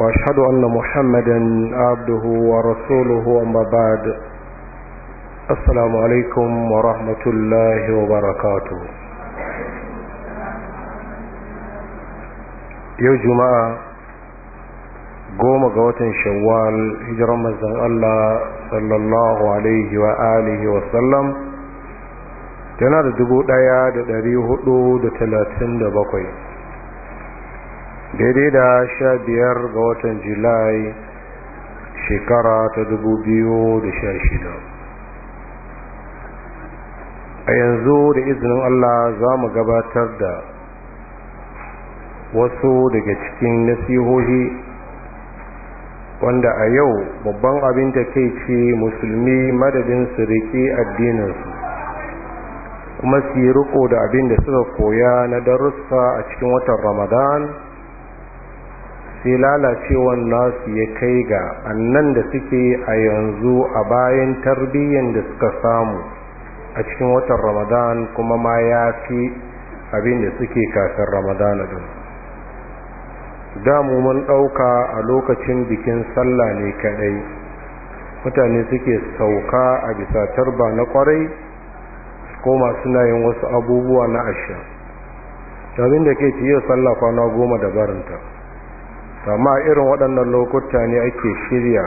واشهد ان محمدا عبده ورسوله اما بعد السلام عليكم ورحمه الله وبركاته yau juma'a goma ga watan shawwal hijiran manzon Allah sallallahu alaihi wa alihi wa sallam yana da dubu ɗaya da dari hudu da talatin da bakwai daidai da sha biyar ga watan julai shekara ta dubu biyu da sha shida a yanzu da izinin allah za mu gabatar da wasu daga cikin nasihohi wanda a yau babban abin da kai ce musulmi madadin su riƙe addininsu kuma su yi riko da abin da suka koya na darussa a cikin watan ramadan sai lalacewan nasu ya kai ga annan da suke a yanzu a bayan tarbiyyar da suka samu a cikin watan ramadan kuma ma ya fi abin da suke kafin ramadan din damu mun ɗauka a lokacin bikin sallah ne kaɗai mutane suke sauka a bisa tarba na kwarai ko masu nayin wasu abubuwa na ashe. abin da ke ciye sallah kwana goma da barinta amma irin waɗannan lokuta ne ake shirya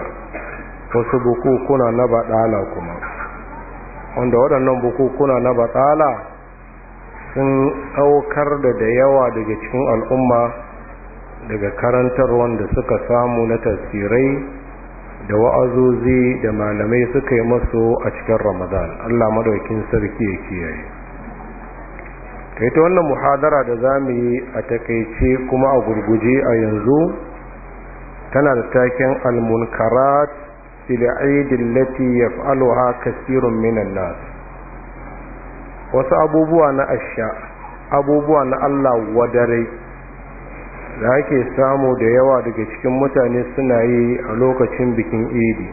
wasu bukukuna na baɗala kuma wanda waɗannan bukukuna na baɗala sun ɗaukar da da yawa daga cikin al'umma daga karantar wanda suka samu na tasirai da wa'azuzi da malamai suka yi masu a cikin ramadan allah maɗaukin sarki ya kiyaye ta wannan muhadara da za mu yi a takaice kuma a gurguje a yanzu tana da taken almunkarat fil'aidin lati yaf'aluha kasirun minan nas wasu abubuwa na asha abubuwa na Allah wadare da ake samu da yawa daga cikin mutane suna yi a lokacin bikin idi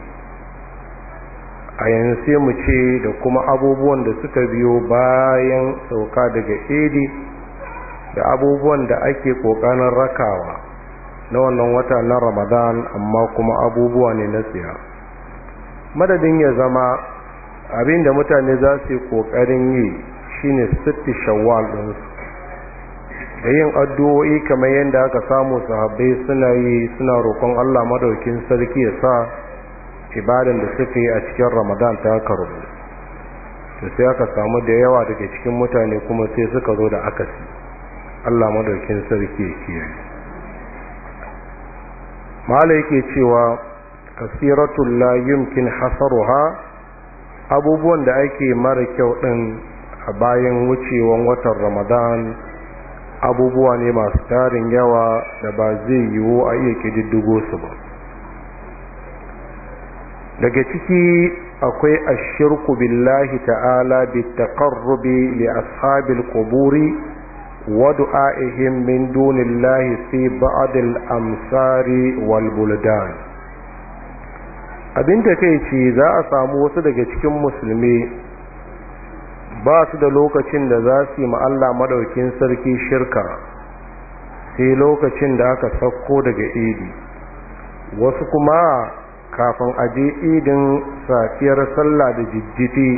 a yanzu sai mu ce da kuma abubuwan da suka biyo bayan sauka daga idi da abubuwan da ake ƙoƙarin rakawa na wannan wata na ramadan amma kuma abubuwa ne na tsiya madadin ya zama abin da mutane za su yi yi shine sitti shawwal ɗinsu da yin addu'o'i kamar yadda aka samu sahabbai suna yi suna roƙon allah madaukin sarki ya sa ibadan da suka yi a cikin ramadan ta karbu to sai aka samu da yawa daga cikin mutane kuma sai suka zo da akasi allah madaukin sarki ya kiyaye mala yake cewa kasiratul la yumkin hasaruha abubuwan da ake mara kyau din a bayan wucewan watan ramadan abubuwa ne masu tarin yawa da ba zai yiwu a iya kididdigo su ba daga ciki akwai ashirku billahi ta'ala bi taqarrubi li ashabil kuburi. ودعائهم من دون الله في بعض الأمصار والبلدان abin takeici za a samu wasu daga cikin musulmi ba su da lokacin da za su yi ma'alla maɗaukin sarki shirka sai lokacin da aka sauko daga idi wasu kuma kafin aje idin safiyar sallah da jijjiti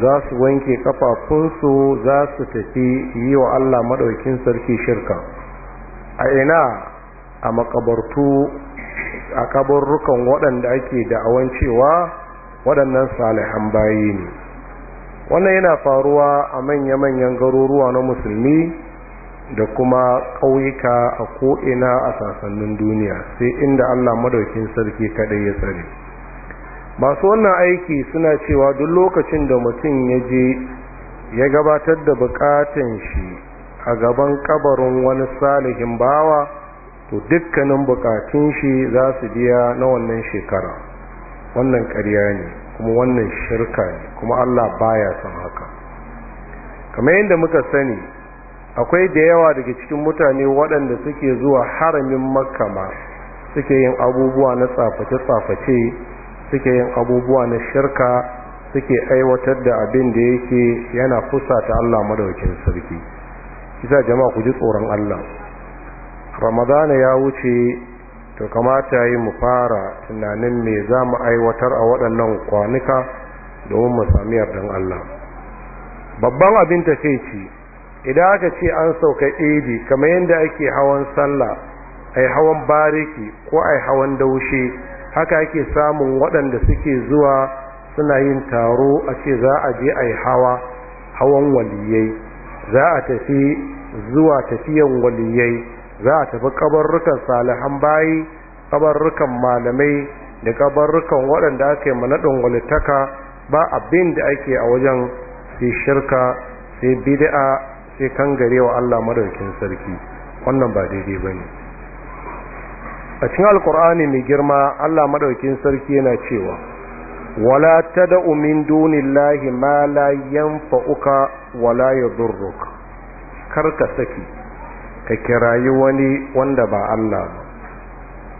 za su wanke kafafunsu za su tafi yi wa Allah maɗaukin sarki shirka a ina a makabartu a kabarrukan waɗanda ake da'awan cewa waɗannan salihan bayi ne wannan yana faruwa a manya-manyan garuruwa na musulmi da kuma ƙauyuka a ko'ina a sasannin duniya sai inda Allah maɗaukin sarki kaɗai ya tsare. masu wannan aiki suna cewa duk lokacin da mutum ya je ya gabatar da bukatun shi a gaban kabarin wani salihin bawa to dukkanin bukatun shi za su biya na wannan shekara wannan ƙarya ne kuma wannan shirka ne kuma Allah baya son haka kamar yadda muka sani akwai da yawa daga cikin mutane waɗanda suke zuwa haramin makama suke yin abubuwa na tsaface-tsaface suke yin abubuwa na shirka suke aiwatar da abin da yake yana ta Allah madaukin sarki kisa jama'a ku ji tsoron Allah ramadana ya wuce to kamata yi mu fara tunanin me za mu aiwatar a waɗannan kwanuka domin mu sami yardan Allah babban abin ta ce ci idan aka ce an sauka idi kamar yadda ake hawan sallah ai hawan bariki ko ai hawan daushe haka ake samun waɗanda suke zuwa suna yin taro a ce za a je a yi hawa hawan waliyai za a tafi zuwa tafiyan waliyai za a tafi ƙabarrukan salihan bayi ƙabarrukan malamai da ƙabarrukan waɗanda ake manaɗin walitaka ba abin da ake a wajen sai shirka sai bid'a sai kangarewa Allah madaukin sarki wannan ba daidai bane a cikin alkur'ani mai girma allah maɗaukin sarki yana cewa wala ta min dunillahi ma la yanfa'uka wala yadurruka kar ka saki ka kirayi wani wanda ba allah ba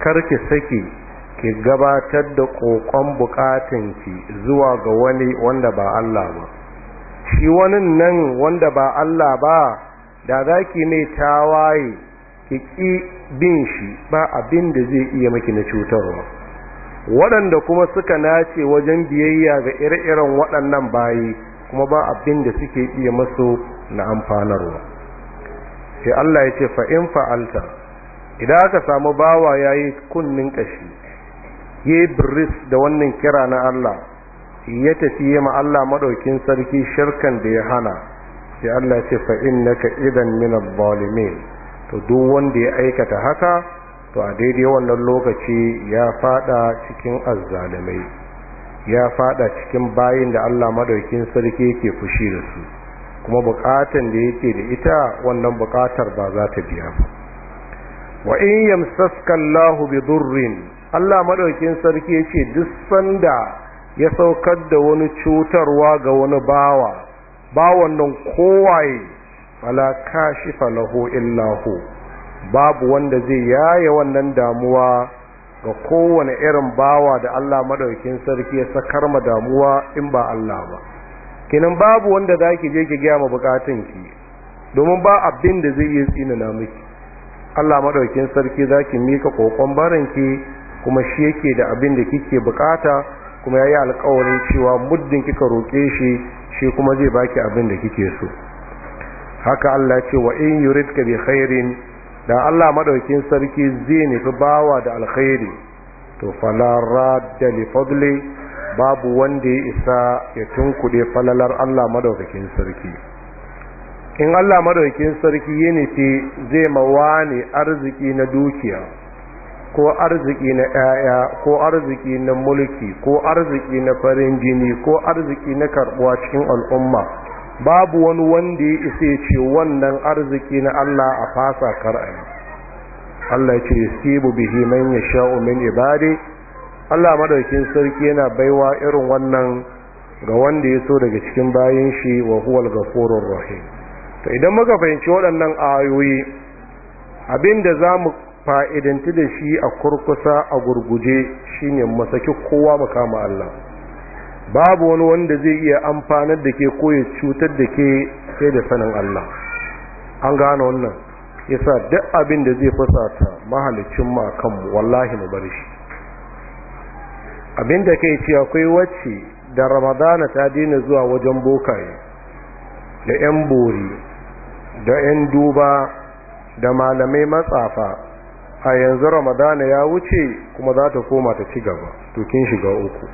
kar ki saki ki gabatar da kokon bukatanki zuwa ga wani wanda ba allah ba shi wani nan wanda ba allah ba da zaki ne tawaye ki ƙi bin shi ba abin da zai iya maki na cutarwa waɗanda kuma suka nace wajen biyayya ga ire-iren waɗannan bayi kuma ba abin da suke iya maso na amfanarwa sai Allah ya ce fa'in fa'alta idan aka samu bawa ya yi kunnin ƙashi ya yi da wannan kira na Allah ya tafi ma Allah maɗaukin sarki shirkan da ya hana sai Allah ya ce fa'in naka idan minan zalimin to duk wanda ya aikata haka to a daidai wannan lokaci ya fada cikin azzalimai ya fada cikin bayin da Allah madaukin sarki yake fushi da su kuma bukatan da yake da ita wannan bukatar ba za ta biya ba wa in yamsaska Allah bi durrin Allah madaukin sarki yace duk sanda ya saukar da wani cutarwa ga wani bawa bawan nan kowaye wala kashifa lahu illa hu babu wanda zai yaye wannan damuwa ga kowane irin bawa da Allah madaukakin sarki ya sakar ma damuwa in ba Allah ba kinan babu wanda zaki je ki gaya ma bukatun ki domin ba abin da zai yi na miki Allah madaukakin sarki zaki mika kokon ki kuma shi yake da abin da kike bukata kuma yayi alƙawarin cewa muddin kika roke shi shi kuma zai baki abin da kike so haka Allah ce wa in yuridka bi khairin da Allah madaukin sarki zai nufi bawa da alkhairi to fala radda li fadli babu wanda ya isa ya tunkude falalar Allah madaukin sarki in Allah madaukin sarki ya nufi zai mawane arziki na dukiya ko arziki na 'ya'ya, ko arziki na mulki ko arziki na farin jini ko arziki na karɓuwa cikin al'umma babu wani wanda ya isa ya ce wannan arziki na Allah a fasa kar'ani Allah ce yusibu bihi man yasha'u min ibadi Allah madaukin sarki yana baiwa irin wannan ga wanda ya so daga cikin bayan shi wa al ghafurur rahim to idan muka fahimci waɗannan ayoyi abinda mu fa'idanti da shi a kurkusa a gurguje shine mu saki kowa mu kama Allah babu wani wanda zai iya amfanar da ke koya cutar da ke sai da sanin Allah an gane wannan yasa duk abin da zai fasata mahalicin ma kanmu wallahi mu bar shi abin da kai ce akwai wacce da ramadana ta daina zuwa wajen bokaye da 'yan bori da 'yan duba da malamai matsafa a yanzu ramadana ya wuce kuma za ta koma ta ci gaba to kin shiga uku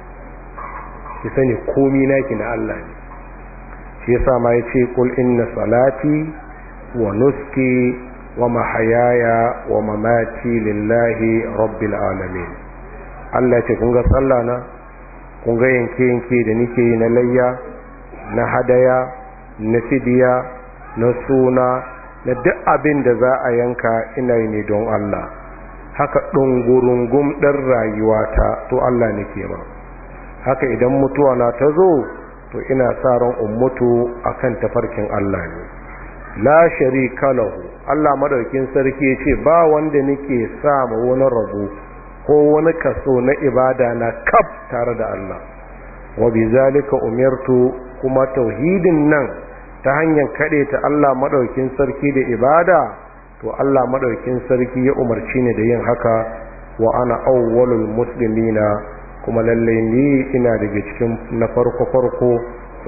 ki sani komi naki na Allah ne shi yasa ma ce kul inna salati wa nuski wa mahayaya wa mamati lillahi rabbil alamin Allah ce kun ga sallah na kun ga yanke yanke da nike na layya na hadaya na fidiya na suna na duk abin da za a yanka ina yi ne don Allah haka ɗungurungum ɗan rayuwata to Allah nake ba haka idan mutuwa na ta zo to ina sa ran a akan tafarkin Allah ne la sharika lahu Allah madaukin sarki ya ce ba wanda nake sa ma wani rabo ko wani kaso na ibada na kaf tare da Allah wa bi zalika umirtu kuma tauhidin nan ta hanyar kade ta Allah madaukin sarki da ibada to Allah madaukin sarki ya umarci ni da yin haka wa ana awwalul muslimina kuma lallai ni ina daga cikin na farko-farko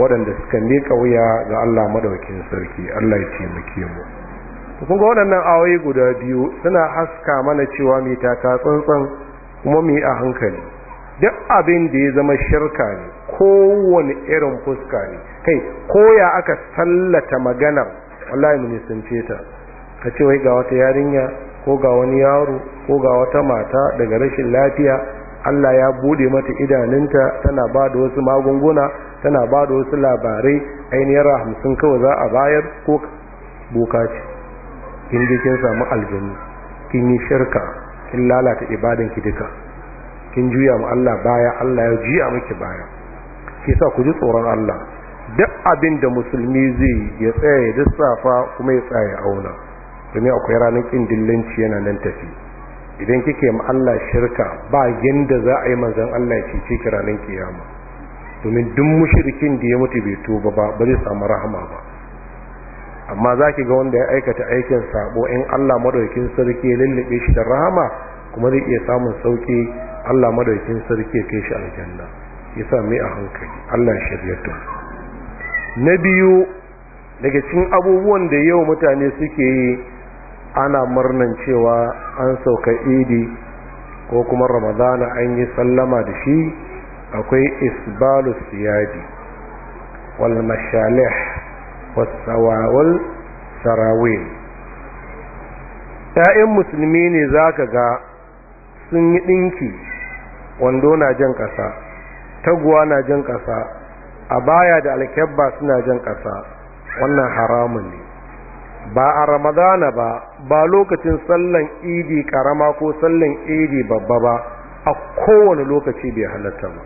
waɗanda suka miƙa wuya ga Allah maɗaukin sarki Allah ya taimake mu kun ga waɗannan awayi guda biyu suna haska mana cewa mai taka tsantsan kuma mai a hankali duk abin da ya zama shirka ne kowane irin fuska ne kai koya aka sallata magana wallahi mu ce ta ka ce wai ga wata yarinya ko ga wani yaro ko ga wata mata daga rashin lafiya Allah ya bude mata idanunta tana ba da wasu magunguna tana ba da wasu labarai ainihin hamsin kawai za a bayar ko boka ce in kin samu aljanu kin yi shirka kin lalata ibadan ki duka kin juya mu Allah baya Allah ya juya miki baya ke sa ku ji tsoron Allah duk abin da musulmi zai ya tsaya ya dissafa kuma ya tsaya ya auna domin akwai ranar kin dillanci yana nan tafi idan kike ma Allah shirka ba yanda za a yi manzon Allah ya cece ki ranar kiyama domin duk mushrikin da ya mutu bai tuba ba ba zai samu rahama ba amma zaki ga wanda ya aikata aikin sabo in Allah madaukakin sarki ya lullube shi da rahama kuma zai iya samun sauki Allah madaukakin sarki ya kai shi aljanna yasa mai a hankali Allah ya shirya na biyu daga cikin abubuwan da yau mutane suke yi ana murnan cewa an sauka idi ko kuma ramadana an yi sallama da shi akwai isbalu siyadi wal mashalih wasawawal sarawin ‘ya'yan musulmi ne za ka ga sun yi ɗinki wando na jan ƙasa taguwa na jan ƙasa a baya da alkyabba suna jan ƙasa wannan haramun ne ba a ramadana ba ba lokacin sallan idi karama ko sallan idi babba ba a kowane lokaci bai halatta ba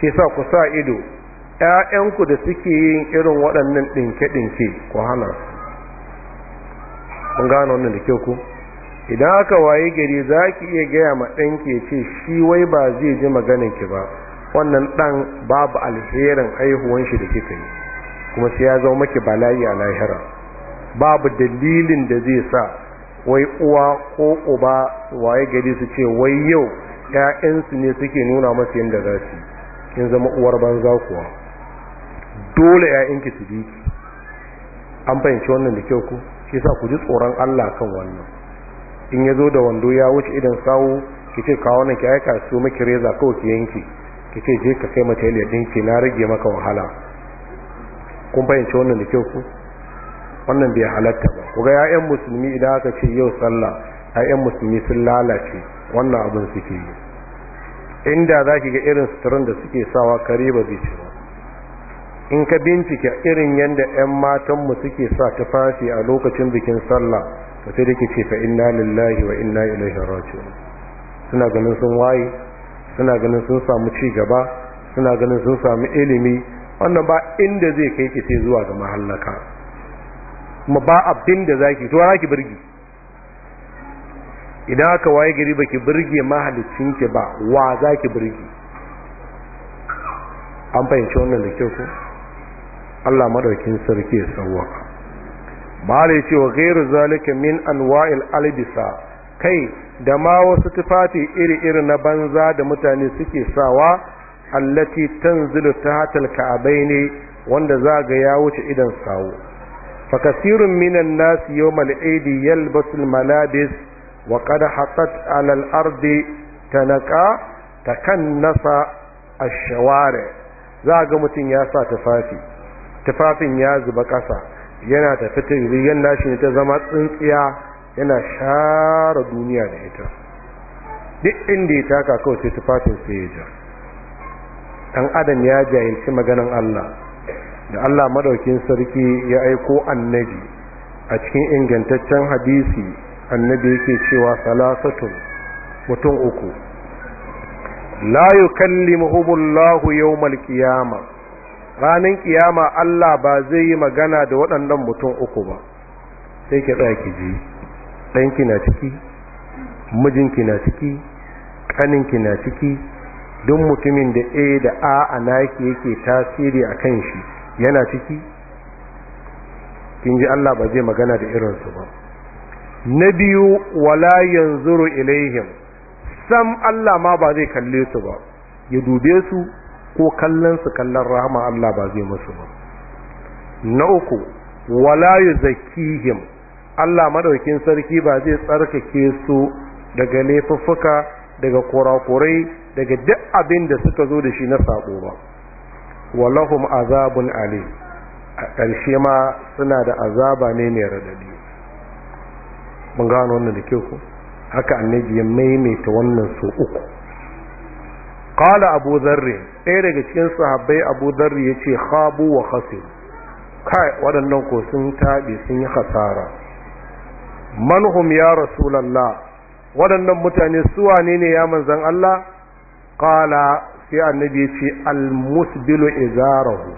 ke sa ku sa ido ‘ya'yanku da suke yin irin waɗannan ɗinke-ɗinke ku hana kun gano wannan da kyau ku idan aka waye gari za ki iya gaya ma ɗanki ce shi wai ba zai ji maganin ki ba wannan ɗan babu alherin haihuwan shi da kika yi kuma sai ya zama maki bala'i a lahira babu dalilin da zai sa wai uwa ko uba waye gari su ce wai yau ‘ya'yansu ne suke nuna masu yadda za su kin zama uwar banza kuwa dole ‘ya'yanki su bi ki an fahimci wannan da kyau ku shi sa ku ji tsoron Allah kan wannan in ya zo da wando ya wuce idan sawu ki ce kawo nan ki aika su miki reza kawai ki yanki ki ce je ka kai mata yadda ɗinki na rage maka wahala kun fahimci wannan da kyau ku wannan bai halatta ba kuga ya'yan musulmi idan aka ce yau sallah ya'yan musulmi sun lalace wannan abin suke yi inda za ki ga irin suturan da suke sawa kare ba zai ci ba in ka bincike irin yadda 'yan matanmu suke sa ta tufafi a lokacin bikin sallah ka sai da ke ce fa inna lillahi wa inna ilaihi raji'un suna ganin sun waye suna ganin sun samu ci gaba suna ganin sun samu ilimi wannan ba inda zai kai ki sai zuwa ga mahallaka kuma ba abin da zaki to zaki birge idan aka waye gari baki birge mahalicin ki ba wa zaki birge an fahimci wannan da kyau ko Allah madaukin sarki ya sauwaka mala ce wa ghairu zalika min anwa'il albisa kai da ma wasu tufafi iri-iri na banza da mutane suke sawa allati tanzilu tahtal ka'abaini wanda zaga ya wuce idan sawo فكثير من الناس يوم العيد يلبس الملابس وقد حطت على الأرض nasa تكنس الشوارع za ga mutum ya sa tufafi tufafin ya zuba ƙasa yana tafi rigar nashi ne ta zama tsintsiya yana share duniya da ita duk inda ya taka kawai sai tufafin sai ya ja ɗan adam ya jahilci maganar Allah da Allah madaukin sarki ya aiko annabi a cikin ingantaccen hadisi annabi yake cewa salasatun mutum uku la yukallimuhumullahu yawmal qiyama ranan ƙiyama Allah ba zai yi magana da waɗannan mutum uku ba sai ki tsaya ki ji ɗanki na ciki mijinki na ciki ƙaninki na ciki duk mutumin da a da a anaki yake tasiri a kan shi yana ciki kin ji Allah ba zai magana da irinsu ba na biyu wala yanzuru ilaihim sam Allah ma ba zai kalle su ba ya dube su ko kallon su kallon rahama Allah ba zai musu ba na uku wala yuzakkihim Allah madaukin sarki ba zai tsarkake su daga laifuffuka daga kurakurai daga duk abin da suka zo da shi na sabo ba walahum azabun ali a ƙarshe ma suna da azaba ne mai radadi mun gano wannan da kyau haka annabi ya maimaita wannan so uku qala abu dharr ɗaya daga cikin sahabbai abu ya ce khabu wa khasir kai waɗannan ko sun taɓe sun yi hasara manhum ya rasulallah waɗannan mutane su wanene ne ya manzan Allah qala sai annabi ya ce almusbilu izarahu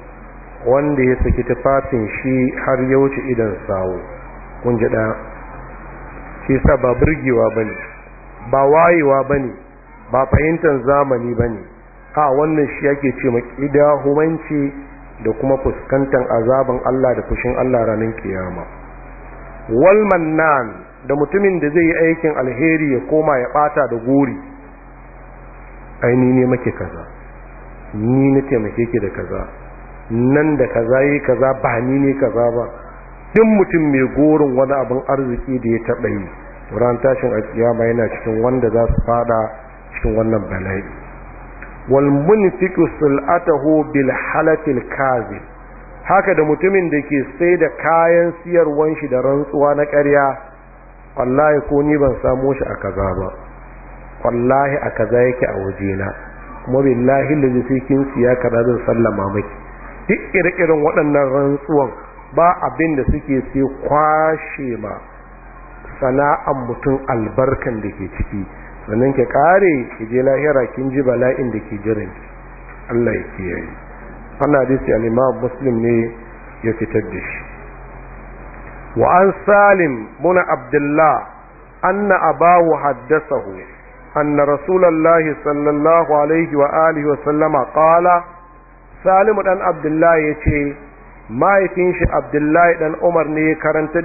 wanda ya saki tufafin shi har ya wuce idan sawo kun ji ɗaya shi sa ba burgewa ba ne ba wayewa ba ne ba fahimtar zamani ba ne a wannan shi yake ce maƙida humanci da kuma fuskantar azaban Allah da fushin Allah ranar kiyama walmannan da mutumin da zai yi aikin alheri ya koma ya ɓata da guri ai ni ne make kaza ni na taimake ki da kaza nan da kaza yi kaza ba ni ne kaza ba duk mutum mai gorin wani abin arziki da ya taɓa yi ran tashin alkiyama yana cikin wanda za su fada cikin wannan bala'i wal munfiqu sul'atahu bil halatil kazi. haka da mutumin da ke sai da kayan siyarwan shi da rantsuwa na ƙarya wallahi ko ni ban samo shi a kaza ba wallahi a kaza yake a wajena kuma billahi da sai kin siya kaza zan sallama maki duk ire-iren waɗannan rantsuwan ba abin da suke sai kwashe ma sana'an mutum albarkan da ke ciki sannan ki kare ki je lahira kin ji bala'in da ke ki Allah ya kiyaye wannan hadisi al-Imam Muslim ne ya fitar da shi wa an Salim muna Abdullah anna abahu haddathahu أن رسول الله صلى الله عليه وآله وسلم Abdullahi سالم بن عبد الله يتي ما يتنش عبد الله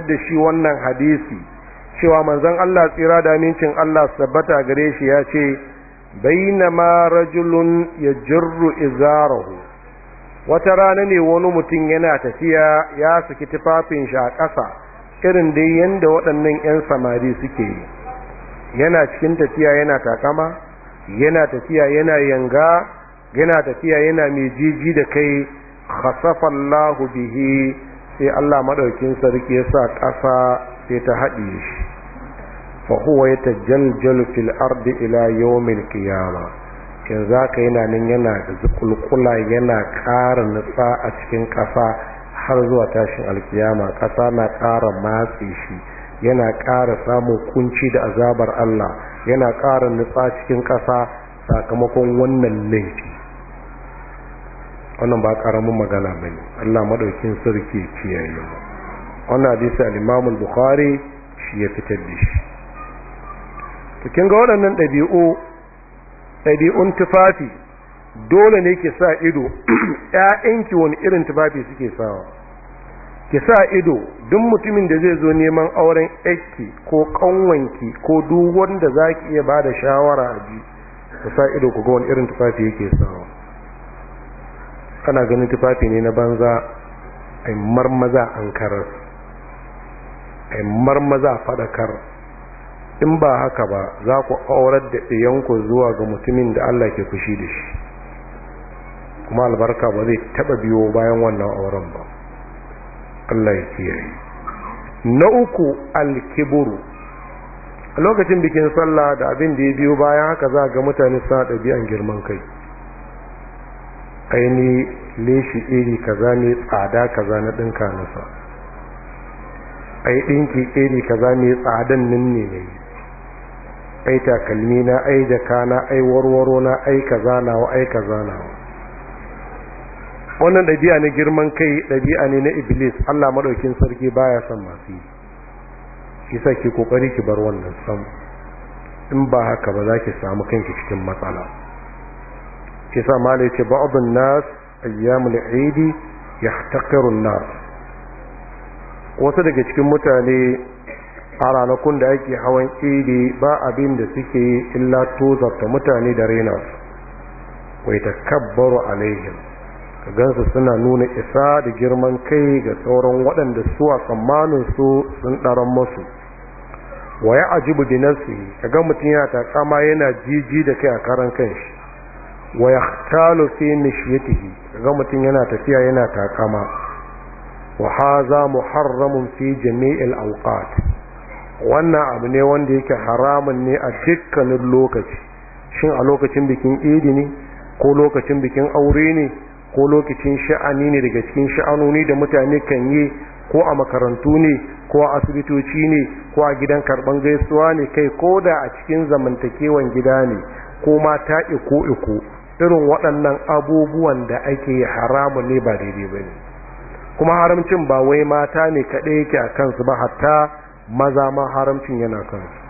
da shi wannan hadisi cewa manzon Allah tsira da amincin Allah sabbata gare shi ya ce bainama rajulun yajru izarahu wata rana ne wani mutum yana tafiya ya saki tufafin shi a ƙasa irin dai yanda waɗannan 'yan samari suke yi yana cikin tafiya yana takama yana tafiya yana yanga yana tafiya yana mai jiji da kai khasafallahu bihi sai Allah madaukin sarki ya sa ƙasa sai ta haɗiye shi fa huwa yatajaljalu fil ardi ila yawmil qiyama kin zaka yana nan yana da zukulkula yana ƙara nutsa a cikin ƙasa har zuwa tashin alkiyama ƙasa na ƙara matse shi yana ƙara samun kunci da azabar Allah yana ƙara nutsa cikin ƙasa sakamakon wannan laifi wannan ba ƙaramin magana ba ne Allah maɗaukin sarki kiyaye mu wannan hadisi al-Imam bukhari shi ya fitar da shi to kin ga waɗannan ɗabi'u ɗabi'un tufafi dole ne ke sa ido ƴaƴanki wani irin tufafi suke sawa ki sa ido duk mutumin da zai zo neman auren aiki ko ƙanwanki ko duk wanda za ki iya bada shawara a ji ka sa ido ku ga wani irin tufafi yake sawa Ana ganin tufafi ne na banza a marmaza an karar a marmaza faɗakar in ba haka ba za ku aurar da ɗiyanku zuwa ga mutumin da Allah ke fushi da shi kuma albarka ba zai taɓa biyo bayan wannan auren ba Allah ya kiyaye na uku alkiburu a lokacin bikin sallah da abin da ya biyo bayan haka za ga mutane suna ɗabi'an girman kai aini leshi iri kaza ne tsada kaza na ɗinka nasa ai ɗinki iri kaza ne tsadan nan ne na ai takalmi na ai jaka na ai warwaro na ai kaza ai kaza wannan ɗabi'a ne girman kai ɗabi'a ne na iblis allah maɗaukin sarki baya son masu yi shi sa ki kokari ki bar wannan sam in ba haka ba za ki samu kanki cikin matsala shi sa malai ce ba'adun nas ayyamul aidi yahtaqiru nas wasu daga cikin mutane a ranakun da ake hawan idi ba abin da suke illa tozarta mutane da rena su wai takabbaru alaihim Ka gansu suna nuna isa da girman kai ga sauran waɗanda suwa tsammanin su sun ɗaran masu wa ya ajibu bi ka ga mutum yana takama yana jiji da kai a karan shi wa yahtalu fi Ka ga mutum yana tafiya yana takama wa haza muharramun fi jami'il awqat wannan abu ne wanda yake haramun ne a dukkanin lokaci shin a lokacin bikin idi ko lokacin bikin aure ne ko lokacin sha'ani ne daga cikin sha'anoni da mutane kan yi ko a makarantu ne ko a asibitoci ne ko a gidan karban gaisuwa ne kai ko da a cikin zamantakewan gida ne ko ma ta iko iko irin waɗannan abubuwan da ake haramun ne ba daidai ba ne kuma haramcin ba wai mata ne kaɗai yake a kansu ba hatta maza ma haramcin yana kansu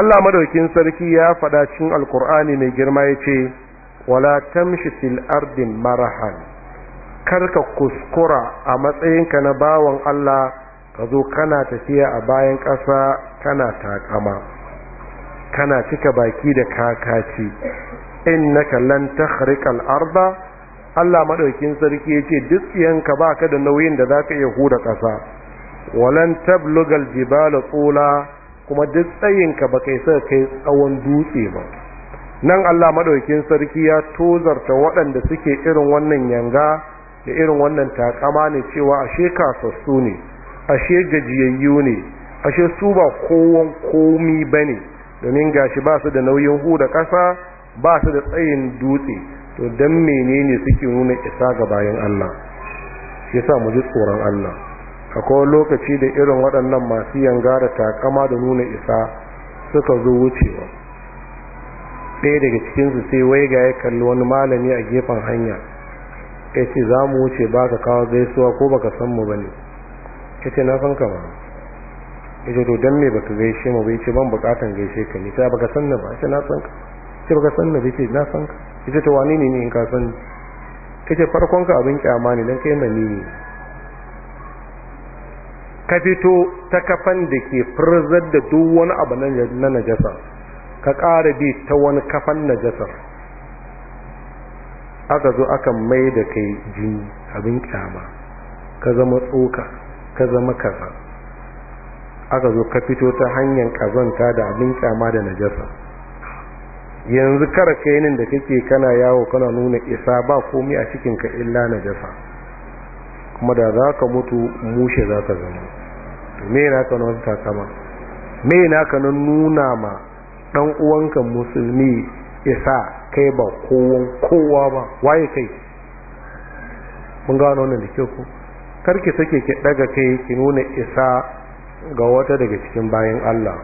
Allah madaukin sarki ya faɗa cikin alkur'ani mai girma ya ce wala tamshi fil ardi marahan karka kuskura a matsayinka na bawan Allah ka zo kana tafiya a bayan ƙasa kana takama kana cika baki da kakaci innaka lan takhriqal arda Allah madaukin sarki yace duk baka da nauyin da zaka iya hura ƙasa walan tablugal jibala qula kuma duk tsayinka baka isa kai tsawon dutse ba nan Allah maɗaukin sarki ya tozarta waɗanda suke irin wannan yanga da irin wannan takama ne cewa ashe kasassu ne ashe gajiyayyu ne ashe su ba kowon komi bane domin gashi ba su da nauyin huda ƙasa ba su da tsayin dutse to dan menene suke nuna isa ga bayan Allah shi sa mu ji tsoron Allah akwai lokaci da irin waɗannan masu yanga da takama da nuna isa suka zo wucewa ɗaya daga cikinsu sai wai ga ya kalli wani malami a gefen hanya ya ce za mu wuce ba ka kawo gaisuwa ko baka san mu ba ne ya ce na san ka ba ya ce to don me baka gaishe mu ba ya ce ban bukatan gaishe ka ne ce baka san na ba ya ce na san ka ya ce baka san na ba ya ce na san ka ya ce to wani ne ne in ka san ya ce farkon ka abin kyama ne don kai ni ne ka fito ta kafan da ke furzar da duk wani abu na najasa ka ƙara bi ta wani kafan najasar aka zo aka mai da kai jini abin kyama ka zama tsoka ka zama kaza aka zo ka fito ta hanyar kazanta da abin kyama da najasa yanzu kara kainin da kake kana yawo kana nuna isa ba komai a cikinka illa najasa kuma da za ka mutu mushe za ka zama me na kanon takama me na ka nuna ma dan uwanka musulmi sa kai ba kowon kowa ba waye kai mun gano wannan da kyau ko karki sake ki daga kai ki nuna isa ga wata daga cikin bayan Allah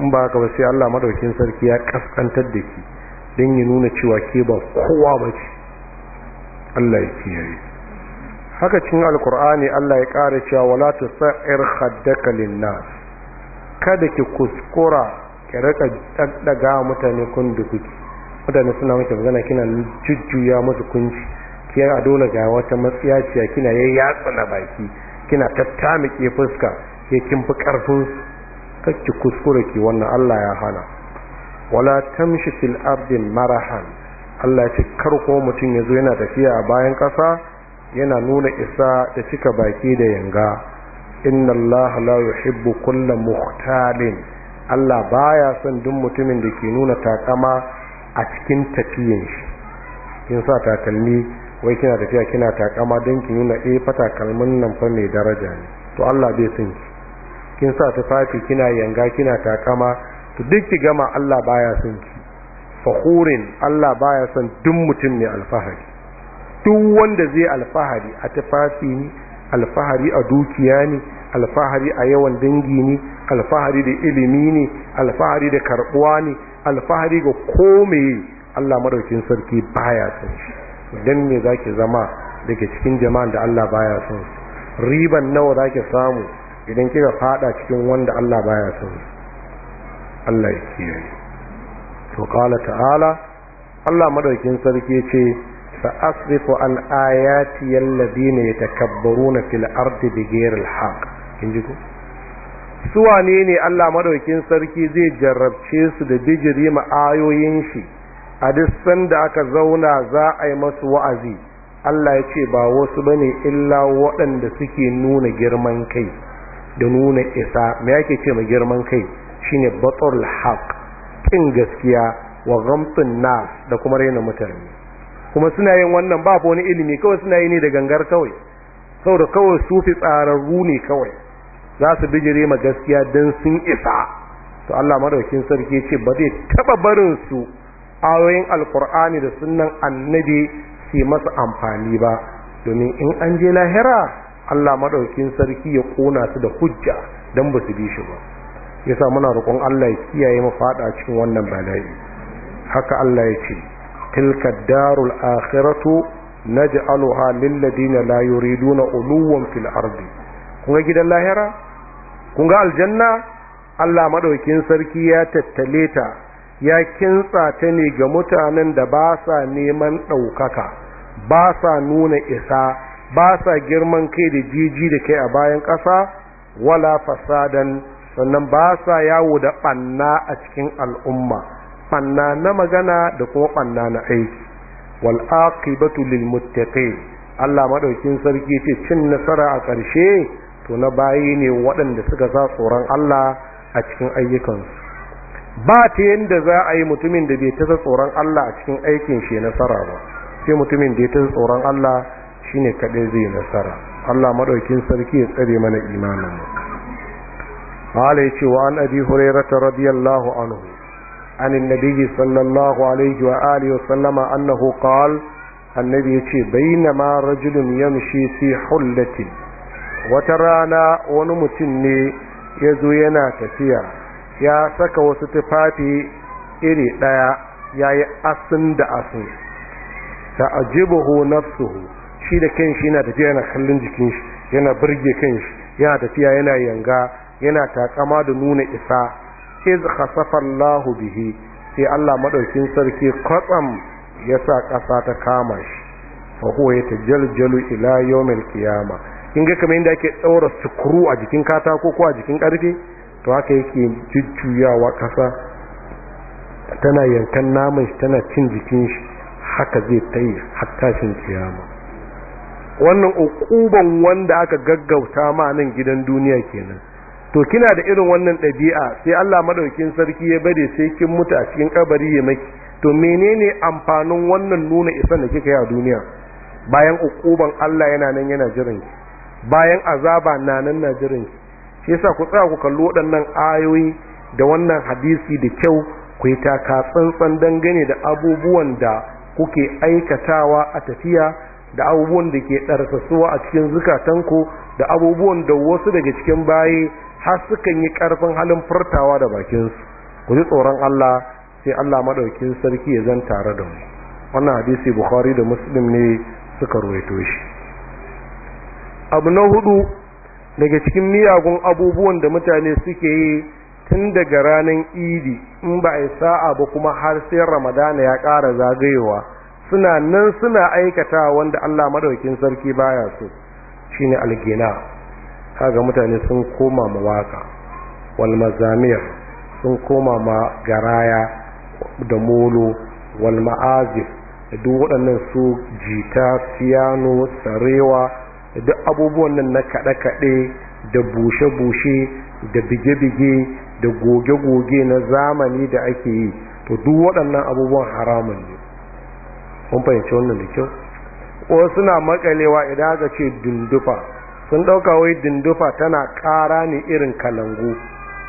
in ba ka ba sai Allah madaukin sarki ya kaskantar da ki don ya nuna cewa ke ba kowa ba ce Allah ya kiyaye haka cikin alkur'ani Allah ya ƙara cewa wala sa'ir haddaka linnas kada ki kuskura ki raka daddaga mutane kun kuke mutane suna mace magana kina jujjuya musu kunci ki a dole ga wata matsiyaciya kina yayi yatsa na baki kina tattamike fuska ke kin fi karfin kacci kuskure ki wannan Allah ya hana wala tamshi fil ardi marahan Allah ya ce kar ko mutum zo yana tafiya a bayan kasa yana nuna isa da cika baki da yanga inna Allah la yuhibbu kulla mukhtalin Allah baya son duk mutumin da ke nuna takama a cikin tafiyin shi kin sa takalmi wai kina tafiya kina takama don ki nuna eh fa takalmin nan fa mai daraja ne to Allah bai son ki kin sa tufafi kina yanga kina takama to duk ki gama Allah baya son ki fakhurin Allah baya son duk mutum mai alfahari duk wanda zai alfahari a tufafi ne alfahari a dukiya ne alfahari a yawan dangi ne alfahari da ilimi ne alfahari da karbuwa ne alfahari ga kome Allah madaukin sarki baya son shi ne me zaki zama daga cikin jama'an da Allah baya son su riban nawa zaki samu idan kika fada cikin wanda Allah baya son su Allah ya kiyaye to qala ta'ala Allah madaukin sarki ce sa'asrifu an ayati alladhina yatakabbaruna fil ardi bighayri alhaq kin ji ko su wanene Allah maɗaukin sarki zai jarrabce su da bijiri ma shi a duk sanda aka zauna za a yi masu wa'azi Allah ya ce ba wasu bane illa waɗanda suke nuna girman kai da nuna isa me yake ce ma girman kai shine batul haq kin gaskiya wa ghamtun da kuma raina mutane kuma suna yin wannan babu wani ilimi kawai suna yi ne da gangar kawai saboda kawai su fi tsararru ne kawai za su bijire ma gaskiya don sun isa to Allah madaukin sarki ce ba zai taba barin su ayoyin alkur'ani da sunnan annabi su masa amfani ba domin in an je lahira Allah madaukin sarki ya kona su da hujja don ba su bi shi ba yasa muna roƙon Allah ya kiyaye mu fada cikin wannan bala'i haka Allah ya ce tilka darul akhiratu naj'aluha lil ladina la yuriduna uluwan fil ardi kun ga gidan lahira kun ga aljanna Allah madaukin sarki ya tattale ta ya kintsa ta ne ga mutanen da ba sa neman ɗaukaka ba sa nuna isa ba sa girman kai da jiji da kai a bayan ƙasa wala fasadan sannan ba sa yawo da ɓanna a cikin al'umma ɓanna na magana da kuma ɓanna na aiki wal aqibatu lil muttaqin Allah madaukin sarki ce cin nasara a ƙarshe to na bayi ne waɗanda suka sa tsoron Allah a cikin ayyukansu ba ta yadda za a yi mutumin da bai tasa tsoron Allah a cikin aikin shi nasara ba sai mutumin da ya tasa tsoron Allah shine kaɗai zai nasara Allah madaukin sarki ya tsare mana imanin mu قال يتي وعن أبي هريرة رضي الله عنه عن النبي صلى الله عليه وآله وسلم أنه قال النبي يتي بينما رجل يمشي في حلة وترانا ونمتني يزوينا تفيا يا سك وستفاتي إلي لا يا أسن دا أسن تعجبه نفسه shi da kanshi yana tafiya yana kallon jikin shi yana birge ينا yana ينا yana yanga yana takama da iz khasafa Allah bihi sai Allah madaukin sarki kwatsam ya sa ƙasa ta kama shi fa huwa yatajaljalu ila yawmil qiyama kin ga kamar inda ake daura sukuru a jikin katako ko a jikin karfe to haka yake jujjuyawa kasa tana yankan naman shi tana cin jikin shi haka zai ta yi hattashin kiyama wannan ukuban wanda aka gaggauta ma nan gidan duniya kenan to kina da irin wannan ɗabi'a sai Allah madaukin sarki ya bade sai kin mutu a cikin kabari ya maki to menene amfanin wannan nuna isan da kika yi a duniya bayan ukuban Allah yana nan yana jiran ki bayan azaba na nan na jiran ki shi yasa ku tsaya ku kalli waɗannan ayoyi da wannan hadisi da kyau ku yi taka tsantsan dangane da abubuwan da kuke aikatawa a tafiya da abubuwan da ke ɗarsasuwa a cikin zukatanku da abubuwan da wasu daga cikin baye har sukan yi ƙarfin halin furtawa da bakinsu ku ji tsoron Allah sai Allah madaukin sarki ya zan tare da mu wannan hadisi bukhari da muslim ne suka ruwaito shi abu na hudu daga cikin miyagun abubuwan da mutane suke yi tun daga ranar idi in ba a sa'a ba kuma har sai ramadana ya ƙara zagayewa suna nan suna aikata wanda allah madaukin sarki baya so shine algina kaga mutane sun koma ma wal mazamir sun koma ma garaya da molo wal ma'azif duk waɗannan su jita fiyano sarewa da duk abubuwan nan na kaɗe-kaɗe da bushe-bushe da bige-bige da goge-goge na zamani da ake yi to duk waɗannan abubuwan haramun ne kun fahimci wannan da kyau ko suna makalewa idan aka ce dundufa sun ɗauka wai dindufa tana ƙara ne irin kalangu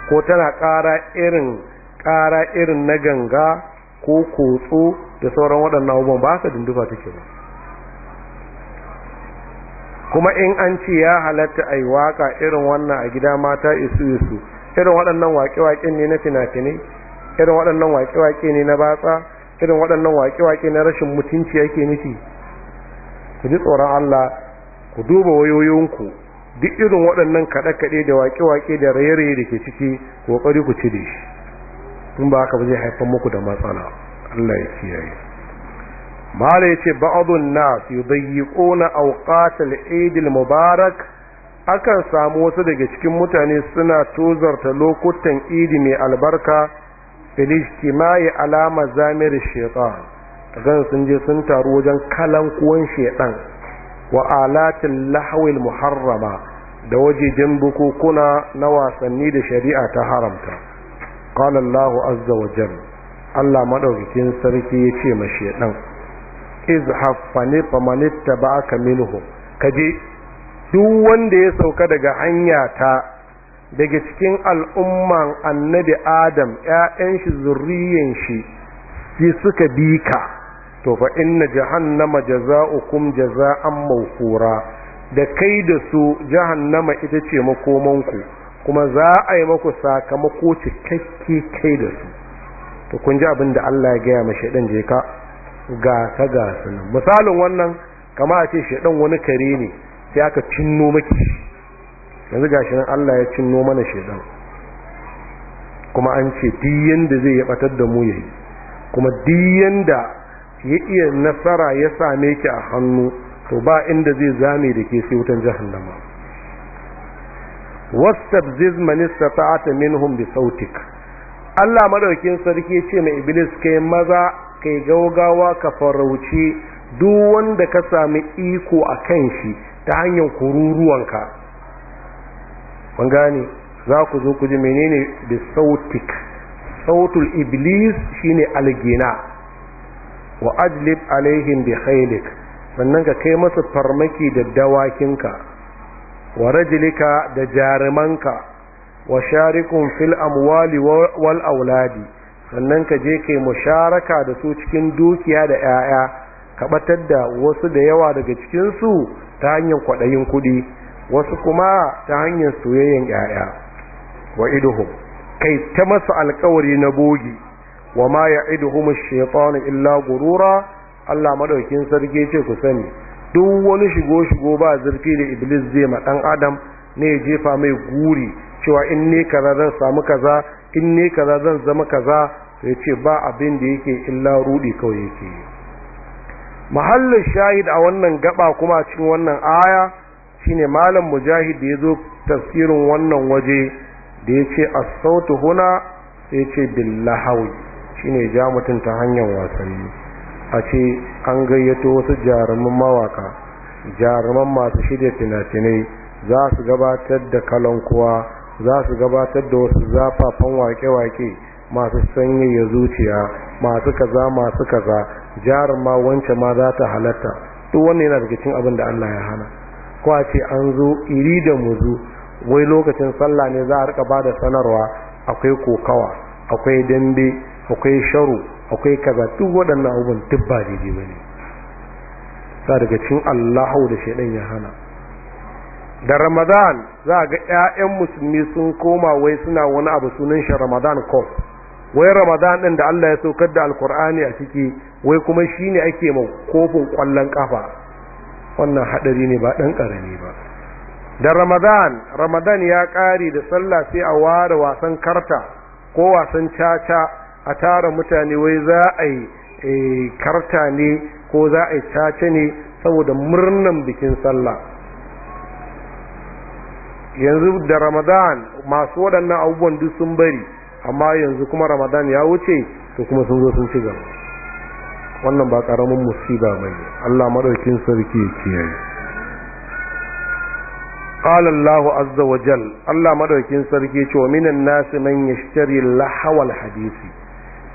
ko tana ƙara irin ƙara irin na ganga ko kotso da sauran waɗannan abubuwan ba sa dindufa take ba kuma in an ce ya halatta a yi waka irin wannan a gida mata isu isu irin waɗannan waƙe-waƙe ne na fina-finai irin waɗannan waƙe-waƙe ne na batsa irin waɗannan waƙe-waƙe na rashin mutunci yake nufi ku ji tsoron Allah ku duba wayoyinku duk irin waɗannan kaɗe-kaɗe da waƙe-waƙe da raye-raye da ke ciki ƙoƙari ku ci cire shi in ba haka ba zai haifar muku da matsala Allah ya kiyaye mala ya ce ba'adun nas yudayyiquna awqatal eid mubarak akan samu wasu daga cikin mutane suna tozarta lokutan idi mai albarka fil ijtimai alama mazamir shaytan kaga sun je sun taru wajen kalan kuwan shaytan wa alatin lahawil muharrama da wajejen bukukuna na wasanni da shari'a ta haramta qala Allah azza wa jalla Allah madaukakin sarki ya ce ma shedan izhaf fani famanitta ba'aka minhum kaje duk wanda ya sauka daga hanya ta daga cikin al'umman annabi adam ‘ya'yan shi zurriyen shi fi suka bi ka to fa inna jahannama jaza'ukum jaza'an mawfura da kai da su jahannama ita ce makomanku kuma za a yi maku sakamako cikakke kai da su to kun ji abin da Allah ya gaya ma shaidan je ka ga ka ga misalin wannan kama a ce shaidan wani kare ne sai aka cinno maki yanzu gashi nan Allah ya cinno mana shaidan kuma an ce duk yanda zai ya batar da mu yayi kuma duk yanda ya iya nasara ya same ki a hannu to ba inda zai zame da ke sai wutan jahannama wastabziz man istata'ata minhum bi sautik Allah madaukin sarki ya ce mai iblis kai maza kai gaugawa ka farauci duk wanda ka sami iko a kan shi ta hanyar kururuwanka kun gane za ku zo ku ji menene bi sautik sautul iblis shine algina wa ajlib alaihim bi khailik sannan ka kai masa farmaki da dawakinka wa rajlika da jarumanka wa sharikun fil amwali wal auladi sannan ka je kai musharaka da su cikin dukiya da 'ya'ya ka batar da wasu da yawa daga cikin su ta hanyar kwaɗayin kuɗi wasu kuma ta hanyar soyayyen 'ya'ya wa iduhum kai ta masu alƙawari na bogi wa ma ya'iduhum ash-shaytan illa gurura Allah madaukin sarki ce ku sani duk wani shigo shigo ba zurfi da iblis zai ma dan adam ne ya jefa mai guri cewa in ne kaza zan samu kaza in ne kaza zan zama kaza ya ce ba abin da yake illa rudi kawai yake mahallin shahid a wannan gaba kuma cikin wannan aya shine malam mujahid da ya zo tafsirin wannan waje da ya ce as-sautu huna sai ya ce billahawi shine ja mutum ta hanyar wasanni a ce an gayyato wasu jaruman mawaka jaruman masu shirya fina-finai za su gabatar da kalankuwa za su gabatar da wasu zafafan wake-wake masu sanyaya zuciya masu kaza masu kaza jaruma wance ma za ta halatta duk wannan yana daga cikin abin da Allah ya hana ko a ce an zo iri da muzu wai lokacin sallah ne za a rika ba da sanarwa akwai kokawa akwai dambe akwai sharu akwai kaza duk waɗannan abubuwan duk ba daidai ba ne sa daga cin allahu da shaidan ya hana da ramadan za a ga 'ya'yan musulmi sun koma wai suna wani abu sunan shi ramadan kof wai ramadan ɗin da allah ya saukar da alkur'ani a ciki wai kuma shi ne ake ma kofin ƙwallon ƙafa wannan haɗari ne ba ɗan ƙarami ba da ramadan ramadan ya ƙare da sallah sai a ware wasan karta ko wasan caca a tara mutane wai za a yi e, karta ne ko za a yi cace ne saboda murnan bikin sallah yanzu da ramadan masu waɗannan abubuwan duk sun bari amma yanzu kuma ramadan ya wuce to kuma sun zo sun ci gaba wannan ba ƙaramin musiba ba ne allah maɗaukin sarki ya kiyaye قال الله عز وجل الله مدوكين سركي ومن الناس من يشتري اللحو hadisi.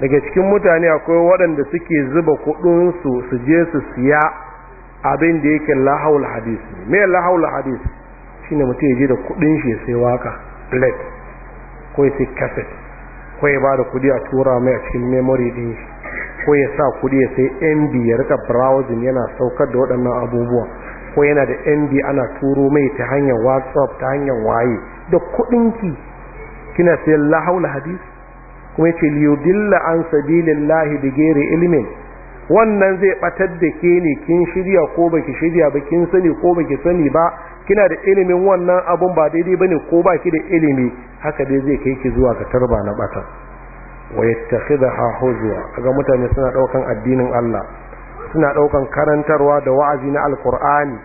daga cikin mutane akwai waɗanda suke zuba kuɗinsu su je su siya abin da yake lahawul hadis ne me lahawul hadis shine mutum ya je da kuɗin shi sai waka led ko ya sai kaset ko ya bada kuɗi a tura mai a cikin memory din shi ko ya sa kuɗi ya sai mb ya rika browsing yana saukar da waɗannan abubuwa ko yana da mb ana turo mai ta hanyar whatsapp ta hanyar waye da kuɗinki kina sai lahawul hadis kuma yace liyudilla an sabilillahi ghairi ilmin wannan zai batar da ke ne kin shirya ko baki shirya ba kin sani ko baki sani ba kina da ilimin wannan abun ba daidai bane ko baki da ilimi haka dai zai kai ki zuwa ga tarba na bata wa yattakhidha huzwa ga mutane suna daukan addinin Allah suna daukan karantarwa da wa'azi na alqur'ani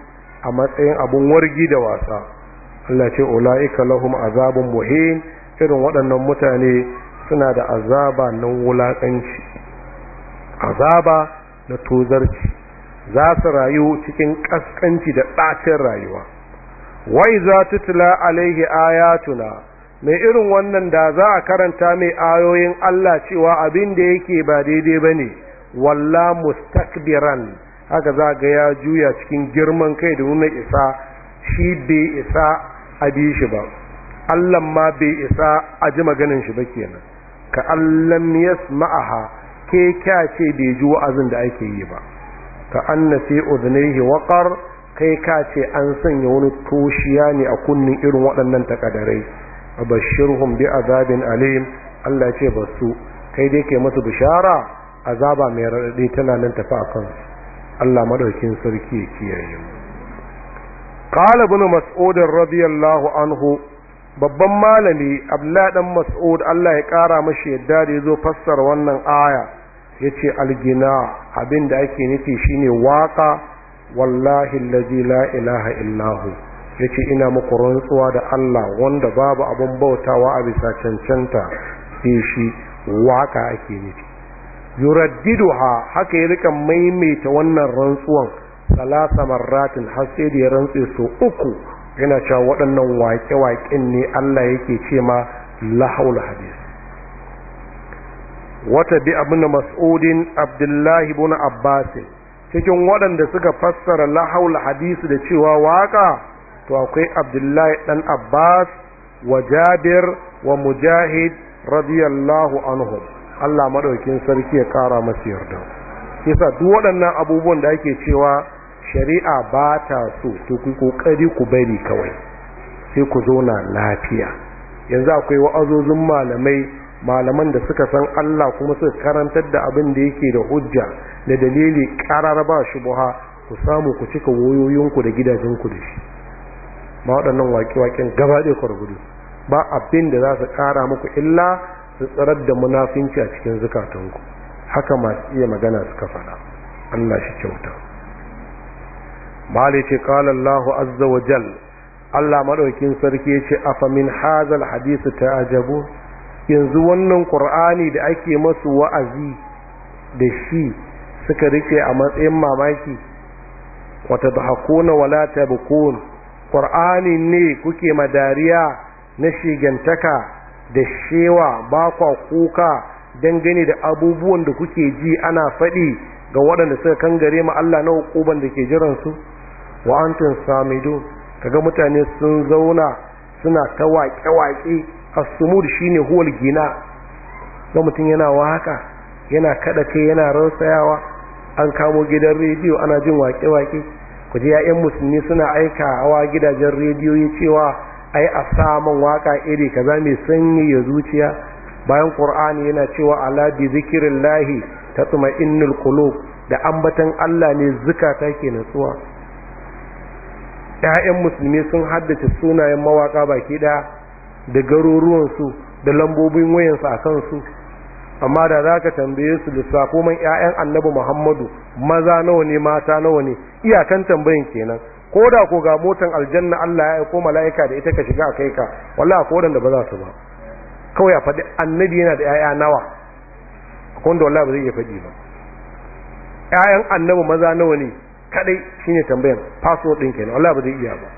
a matsayin abun wargi da wasa Allah ce ulaika lahum azabun muhin irin waɗannan mutane suna da azaba na wulaƙanci azaba na tozarci za su rayu cikin ƙasƙanci da ɗacin rayuwa wai za tutula alaihi ayatuna mai irin wannan da za a karanta mai ayoyin Allah cewa abin da yake ba daidai ba ne walla mustakbiran haka za ga ya juya cikin girman kai da nuna isa shi bai isa a bi shi ba Allah ma bai isa a ji maganin shi ba kenan ka allam yasma'aha ke kya ce bai ji wa'azin da ake yi ba ka anna fi udhnihi waqar kai ka ce an sanya wani toshiya ne a kunnin irin waɗannan takadarai abashirhum bi azabin alim Allah ce ba su kai dai ke masu bishara azaba mai raɗaɗi tana nan tafi a kan Allah madaukin sarki ya kiyaye mu qala ibn mas'ud radiyallahu anhu babban malami abdullahi dan mas'ud Allah ya kara mashi yadda da yazo fassara wannan aya yace algina abin da ake nufi shine waka wallahi allazi la ilaha illahu yace ina muku rantsuwa da Allah wanda babu abun bautawa a bisa cancanta sai shi waka ake nufi yuraddiduha haka ya rika maimaita wannan rantsuwan salasa marratin har sai da ya rantse so uku yana cewa waɗannan waƙe-waƙen ne Allah yake ce ma lahaul hadis wata bi abin mas'udin abdullahi bin abbas cikin waɗanda suka fassara lahaul hadis da cewa waƙa to akwai abdullahi dan abbas wa jabir wa mujahid radiyallahu anhu. Allah madaukin sarki ya kara masa yarda Kisa duk waɗannan abubuwan da ake cewa shari'a ba ta so to ku kokari ku bari kawai sai ku zauna lafiya yanzu akwai wa'azozin malamai malaman da suka san Allah kuma suka karantar da abin da yake da hujja da dalili karar ba shi buha ku samu ku cika wayoyinku da gidajenku da shi ba waɗannan waƙe-waƙen gaba ɗaya kwargudu ba abin da za su ƙara muku illa su tsarar da munafinci a cikin zukatanku haka masu iya magana suka faɗa Allah shi kyauta Mali ce qala Allah azza wa jal Allah madaukin sarki ce afa min hazal ta ajabu yanzu wannan qur'ani da ake masu wa'azi da shi suka rike a matsayin mamaki wata na wala bukun qur'ani ne kuke madariya na shigantaka da shewa ba kwa kuka dangane da abubuwan da kuke ji ana faɗi ga waɗanda suka kangare ma Allah na hukuban da ke jiransu su wa antum samidu kaga mutane sun zauna suna ta waƙe-waƙe as shine huwal gina ga mutum yana waka yana kada kai yana rausayawa an kamo gidan rediyo ana jin waƙe-waƙe ku ji ya'yan musulmi suna aika hawa gidajen rediyo ya cewa ai a samun waka iri kaza mai sanyi ya zuciya bayan qur'ani yana cewa ala bi zikrillahi innul qulub da ambatan Allah ne zukata ke natsuwa 'ya'yan musulmi sun haddace sunayen mawaka baki ɗaya da garuruwansu da lambobin wayansu a kansu amma da za ka tambaye su lissafo man 'ya'yan annabi muhammadu maza nawa ne mata nawa ne iyakan tambayin kenan ko da ko ga motan aljanna allah ya aiko mala'ika da ita ka shiga a kai ka wallahi ko da ba za su ba kawai a faɗi annabi yana da 'ya'ya nawa akwai wanda wallahi ba zai iya faɗi ba 'ya'yan annabi maza nawa ne kadai shine tambayar password din kenan Allah ba zai iya ba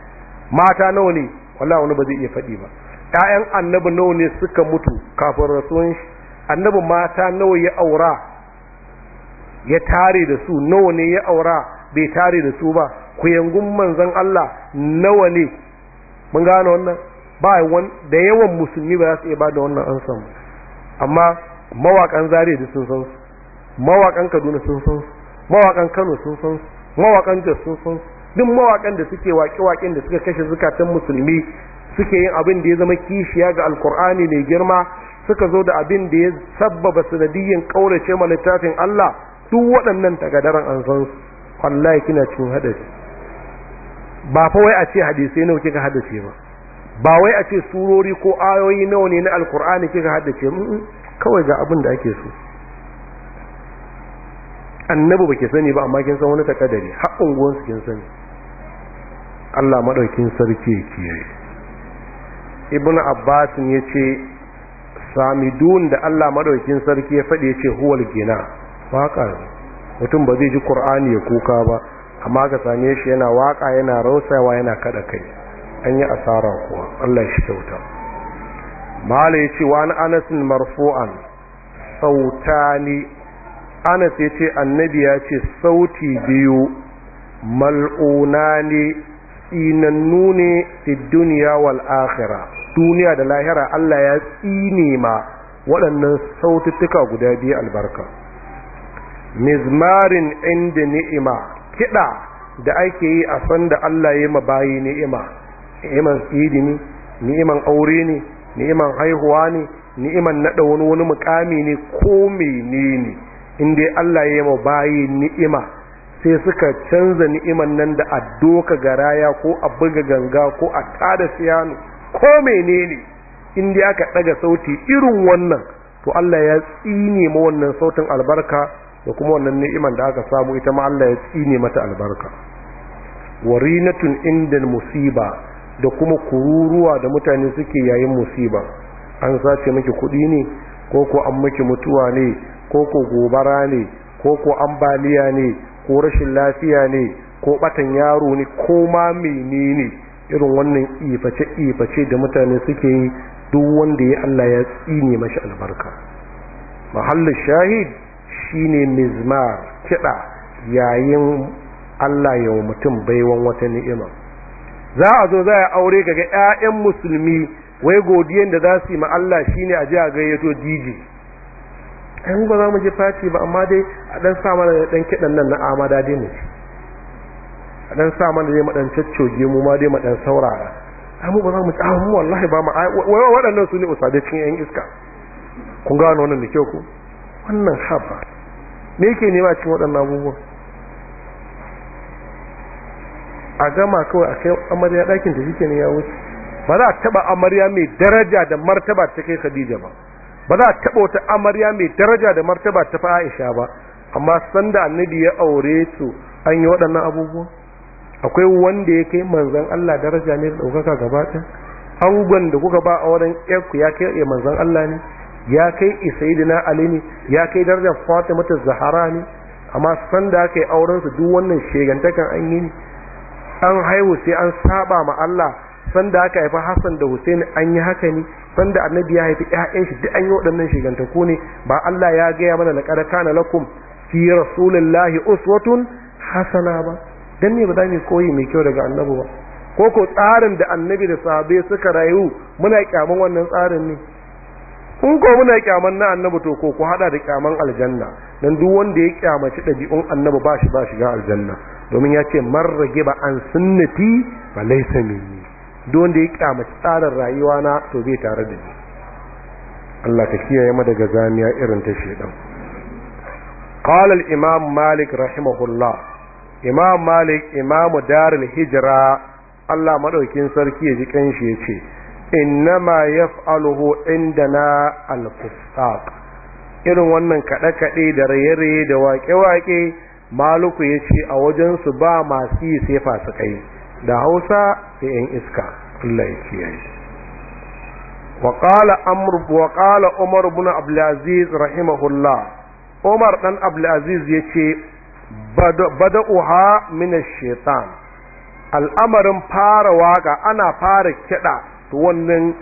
mata nawa ne wallahi wani ba zai iya faɗi ba ƴaƴan annabi nawa ne suka mutu kafin rasuwan shi annabi mata nawa ya aura ya tare da su nawa ne ya aura bai tare da su ba ku yangun manzon Allah nawa ne mun gane wannan ba da yawan musulmi ba za su iya ba da wannan an ba amma mawakan zare da sun san su mawakan Kaduna sun san su mawakan Kano sun san su mawakan da su sun duk mawakan da suke waƙe-waƙen da suka kashe zukatan musulmi suke yin abin da ya zama kishiya ga alkur'ani mai girma suka zo da abin da ya sabbaba sanadiyyan kaurace ma littafin Allah duk waɗannan tagadaran an san su wallahi kina cin hadari ba fa wai a ce hadisai nawa kika hadace ba ba wai a ce surori ko ayoyi nawa ne na alkur'ani kika hadace kawai ga abin da ake so annabi ke sani ba amma kin san wani takadari har unguwan su kin sani Allah madaukin sarki ya kiyaye ibn abbas ne ce samidun da Allah madaukin sarki ya fadi yace huwal gina waka mutum ba zai ji qur'ani ya kuka ba amma ga same shi yana waka yana rausawa yana kada kai an yi asara kuwa Allah shi kyauta mala yace wa an anas marfu'an sautani ana sai ce annabi ya ce sauti biyu mal'una ne tsinannu ne fi duniya wal akhira duniya da lahira Allah ya tsine ma waɗannan saututtuka guda biyu albarka mizmarin inda ni'ima kiɗa da ake yi a san da Allah ya mabayi ni'ima ni'iman tsidi ne ni'iman aure ne ni'iman haihuwa ne ni'iman naɗa wani wani mukami ne ko menene ne in Allah ya ma bayi ni'ima sai suka canza ni'iman nan da a doka garaya ko a buga ganga ko a tada siyano ko menene ne inda aka daga sauti irin wannan to Allah ya tsine ma wannan sautin albarka da kuma wannan ni'iman da aka samu ita ma Allah ya tsine mata albarka warinatun inda musiba da kuma kururuwa da mutane suke yayin musiba an sace miki kuɗi ne ko ko an miki mutuwa ne ko ko gobara ne ko ko ambaliya ne ko rashin lafiya ne ko batan yaro ne ko ma menene irin wannan iface iface da mutane suke yi duk wanda ya Allah ya tsine mashi albarka mahallin shahid shine mizmar kiɗa yayin Allah ya wa mutum baiwan wata ni'ima za a zo za a aure ga ga 'ya'yan musulmi wai godiyan da za su yi ma Allah shine a ji a gayyato DJ ai mu ba za mu je fati ba amma dai a dan sa mana da dan kidan nan na amada dai ne a dan sa mana dai madan caccoge mu ma dai madan saurara ai mu ba za mu ci amma ah, wallahi ba ma waɗannan su ne usadai cikin yan iska kun gano wannan da kyau ku wannan haba me yake ba cin waɗannan abubuwan a gama kawai a kai amarya ɗakin da shi ne ya wuce ba za a taɓa amarya mai daraja da martaba ta kai khadija ba ba za a taɓa wata amarya mai daraja da martaba ta Aisha ba amma sanda annabi ya aure su an yi waɗannan abubuwa akwai wanda ya kai manzan Allah daraja ne da ɗaukaka gaba angon da kuka ba a wurin ku ya kai ya eh, manzan Allah ne ya kai isaidina Ali ne ya kai darajar Fatima ta Zahara ne amma sanda aka yi auren su duk wannan shegantakan an yi ne an haihu sai an saba ma Allah sanda aka haifi Hassan da Hussein an yi haka ne sanda annabi ya haifi ƴaƴan shi duk an yi waɗannan shigantaku ne ba Allah ya gaya mana laqad kana lakum fi rasulillahi uswatun hasana ba dan ne ba za mu koyi mai kyau daga annabi ba ko ko tsarin da annabi da sahabbai suka rayu muna kyaman wannan tsarin ne kun ko muna kyaman na annabi to ko ku hada da kyaman aljanna dan duk wanda ya kyamaci dabi'un annabi ba shi ba shiga aljanna domin ya ce man ragiba an sunnati fa laysa minni don da ya kyamaci tsarin rayuwa na to bai tare da ni Allah ka kiyaye mu daga zamiya irin ta shedan qala al imam malik rahimahullah imam malik imamu darul hijra Allah madaukin sarki ya ji kanshi yace innama yaf'aluhu indana al fusaq irin wannan kaɗe-kaɗe da raye-raye da wake-wake maluku ce a wajen su ba masu yi sai kai. Da Hausa da 'yan iska, Allah ya kiyaye. Waqala Umar bin Abdullaziz rahima holla. Umar dan Abdullaziz ya ce bada uhu mini shetan. Al'amarin fara waka ana fara kyada. Wannan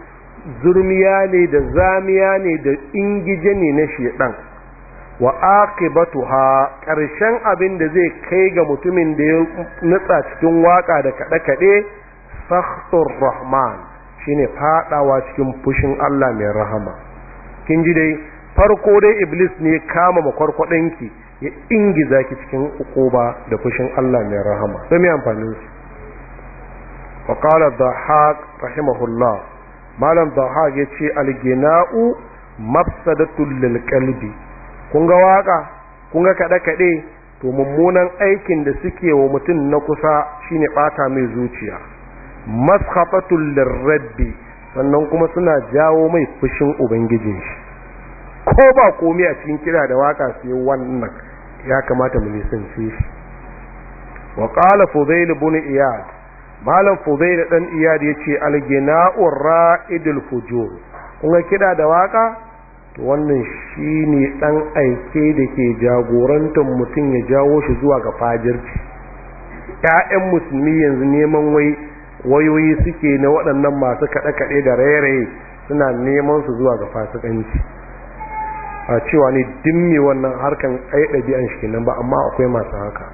zurmiya ne da zamiya ne da ingijeni na shi wa aqibatuha ƙarshen abin da zai kai ga mutumin da ya nutsa cikin waka da kaɗe kaɗe sakhtur rahman shine fadawa cikin fushin Allah mai rahama kin ji dai farko dai iblis ne kama ki ya ingiza ki cikin ukuba da fushin Allah mai rahama sai mai amfanin su wa qala dhahak rahimahullah malam dhahak yace al-gina'u mafsadatul lil qalbi kun ga waka kun ga kaɗe kaɗe to mummunan aikin da suke wa mutum na kusa shine ɓata mai zuciya maskhafatul lirrabbi sannan kuma suna jawo mai fushin ubangijin shi ko ba komai a cikin kira da waka sai wannan ya kamata mu nisance shi wa qala fudail ibn iyad malam fudail dan iyad yace al-gina'ur ra'idul fujur kun ga kira da waka wannan shi ne ɗan aike da ke jagorantar mutum ya jawo shi zuwa ga fajirci ‘ya'yan musulmi yanzu neman wai wayoyi suke na waɗannan masu kaɗe-kaɗe da rairaye suna neman su zuwa ga fasikanci a cewa ne dimmi wannan harkan ai ɗabi'an shi kenan ba amma akwai masu haka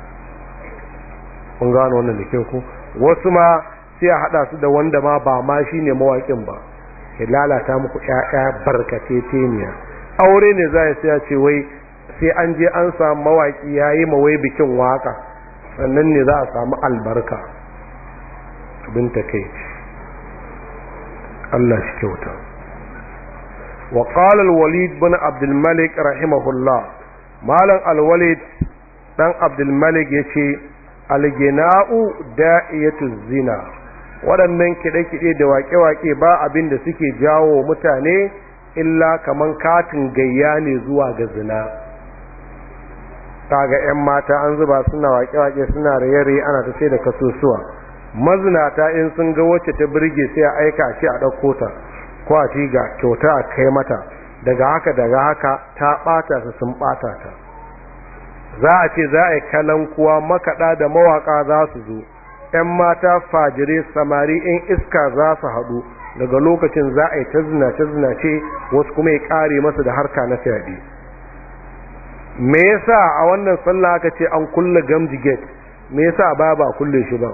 kun gano wannan da kyau ko wasu ma sai a haɗa su da wanda ma ba ma shi ne mawaƙin ba ya lalata muku ƴaƴa barkateteniya aure ne za sai ya ce wai sai an je an samu mawaki ya yi mawai bikin waka sannan ne za a samu albarka abin ta kai Allah shi kyauta wa qala al-walid bin al malik rahimahullah malam al-walid dan al malik yace al-gina'u da'iyatu zina waɗannan kiɗe-kiɗe da waƙe-waƙe ba abin da suke jawo mutane illa kaman katin gayya ne zuwa ga zina kaga 'yan mata an zuba suna waƙe-waƙe suna raye-raye ana ta sai da kasusuwa mazinata in sun ga wacce ta birge sai a aika shi a ɗauko ta ko a ga kyauta a kai mata daga haka daga haka ta ɓata su sun ɓata ta za a ce za a yi kalankuwa makaɗa da mawaƙa za su zo ‘yan mata fajire samari ‘yan iska za su haɗu daga lokacin za a yi ta zinace zinace wasu kuma ya ƙare masa da harka na fyaɗe me yasa a wannan sallah aka ce an kulle gamji gate me yasa ba ba kulle shi ba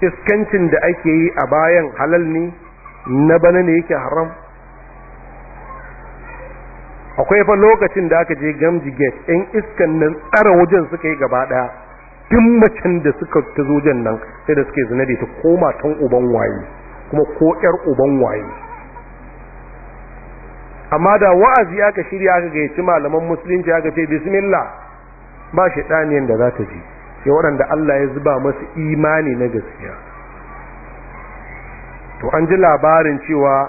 iskancin da ake yi a bayan halal ne na bana ne yake haram akwai fa lokacin da aka je gamji get, ‘yan iskan nan tsara wajen suka yi gaba ɗaya duk macen da suka ta zo nan sai da suke zinari ta koma tan uban waye kuma ko yar uban waye amma da wa'azi aka shirya aka gayyaci malaman musulunci aka ce bismillah ba shi daniyan da za ta ji sai waɗanda Allah ya zuba masu imani na gaskiya to an ji labarin cewa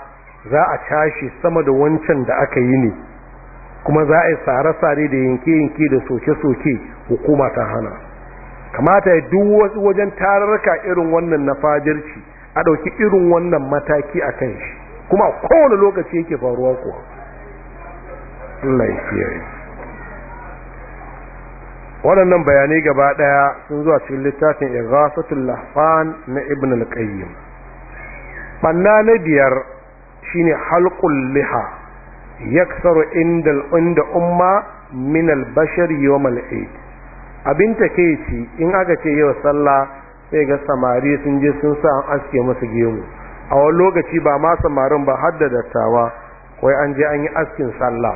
za a tashi sama da wancan da aka yi ne kuma za a yi sare sare da yanke-yanke da soke-soke hukuma ta hana kamata ya duk wasu wajen tararraka irin wannan na fajirci a ɗauki irin wannan mataki a kan shi kuma kowane lokaci yake faruwa kuwa Allah waɗannan bayanai gaba ɗaya sun zuwa cikin littafin tun lahfan na ibn al-qayyim banna na biyar shine halqul liha yaksaru inda umma min al-bashar yawm al abin ta ke ci, in aka ce yau sallah sai ga samari sun je sun sa an aske musu gemu a wani lokaci ba ma samarin ba har da dattawa wai an je an yi askin sallah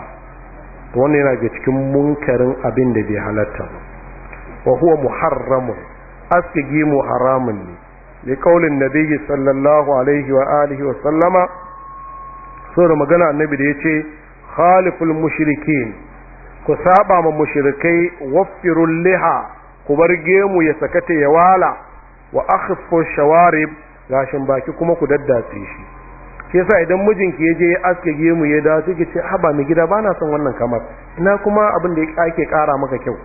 wannan yana ga cikin munkarin abin da bai halatta ba wa huwa muharramun aske gemu haramun ne kaulin alaihi wa alihi wa sallama, sau da magana مغنى النبي ya ce khaliful المشركين ku saba ma mushrikai waffirul liha ku bar gemu ya sakata ya wala wa akhfu shawarib gashin baki kuma ku daddace shi ke yasa idan mijinki ya je ya aske gemu ya dawo sai ce haba mai gida bana son wannan kamar ina kuma abin da ake kara maka kyau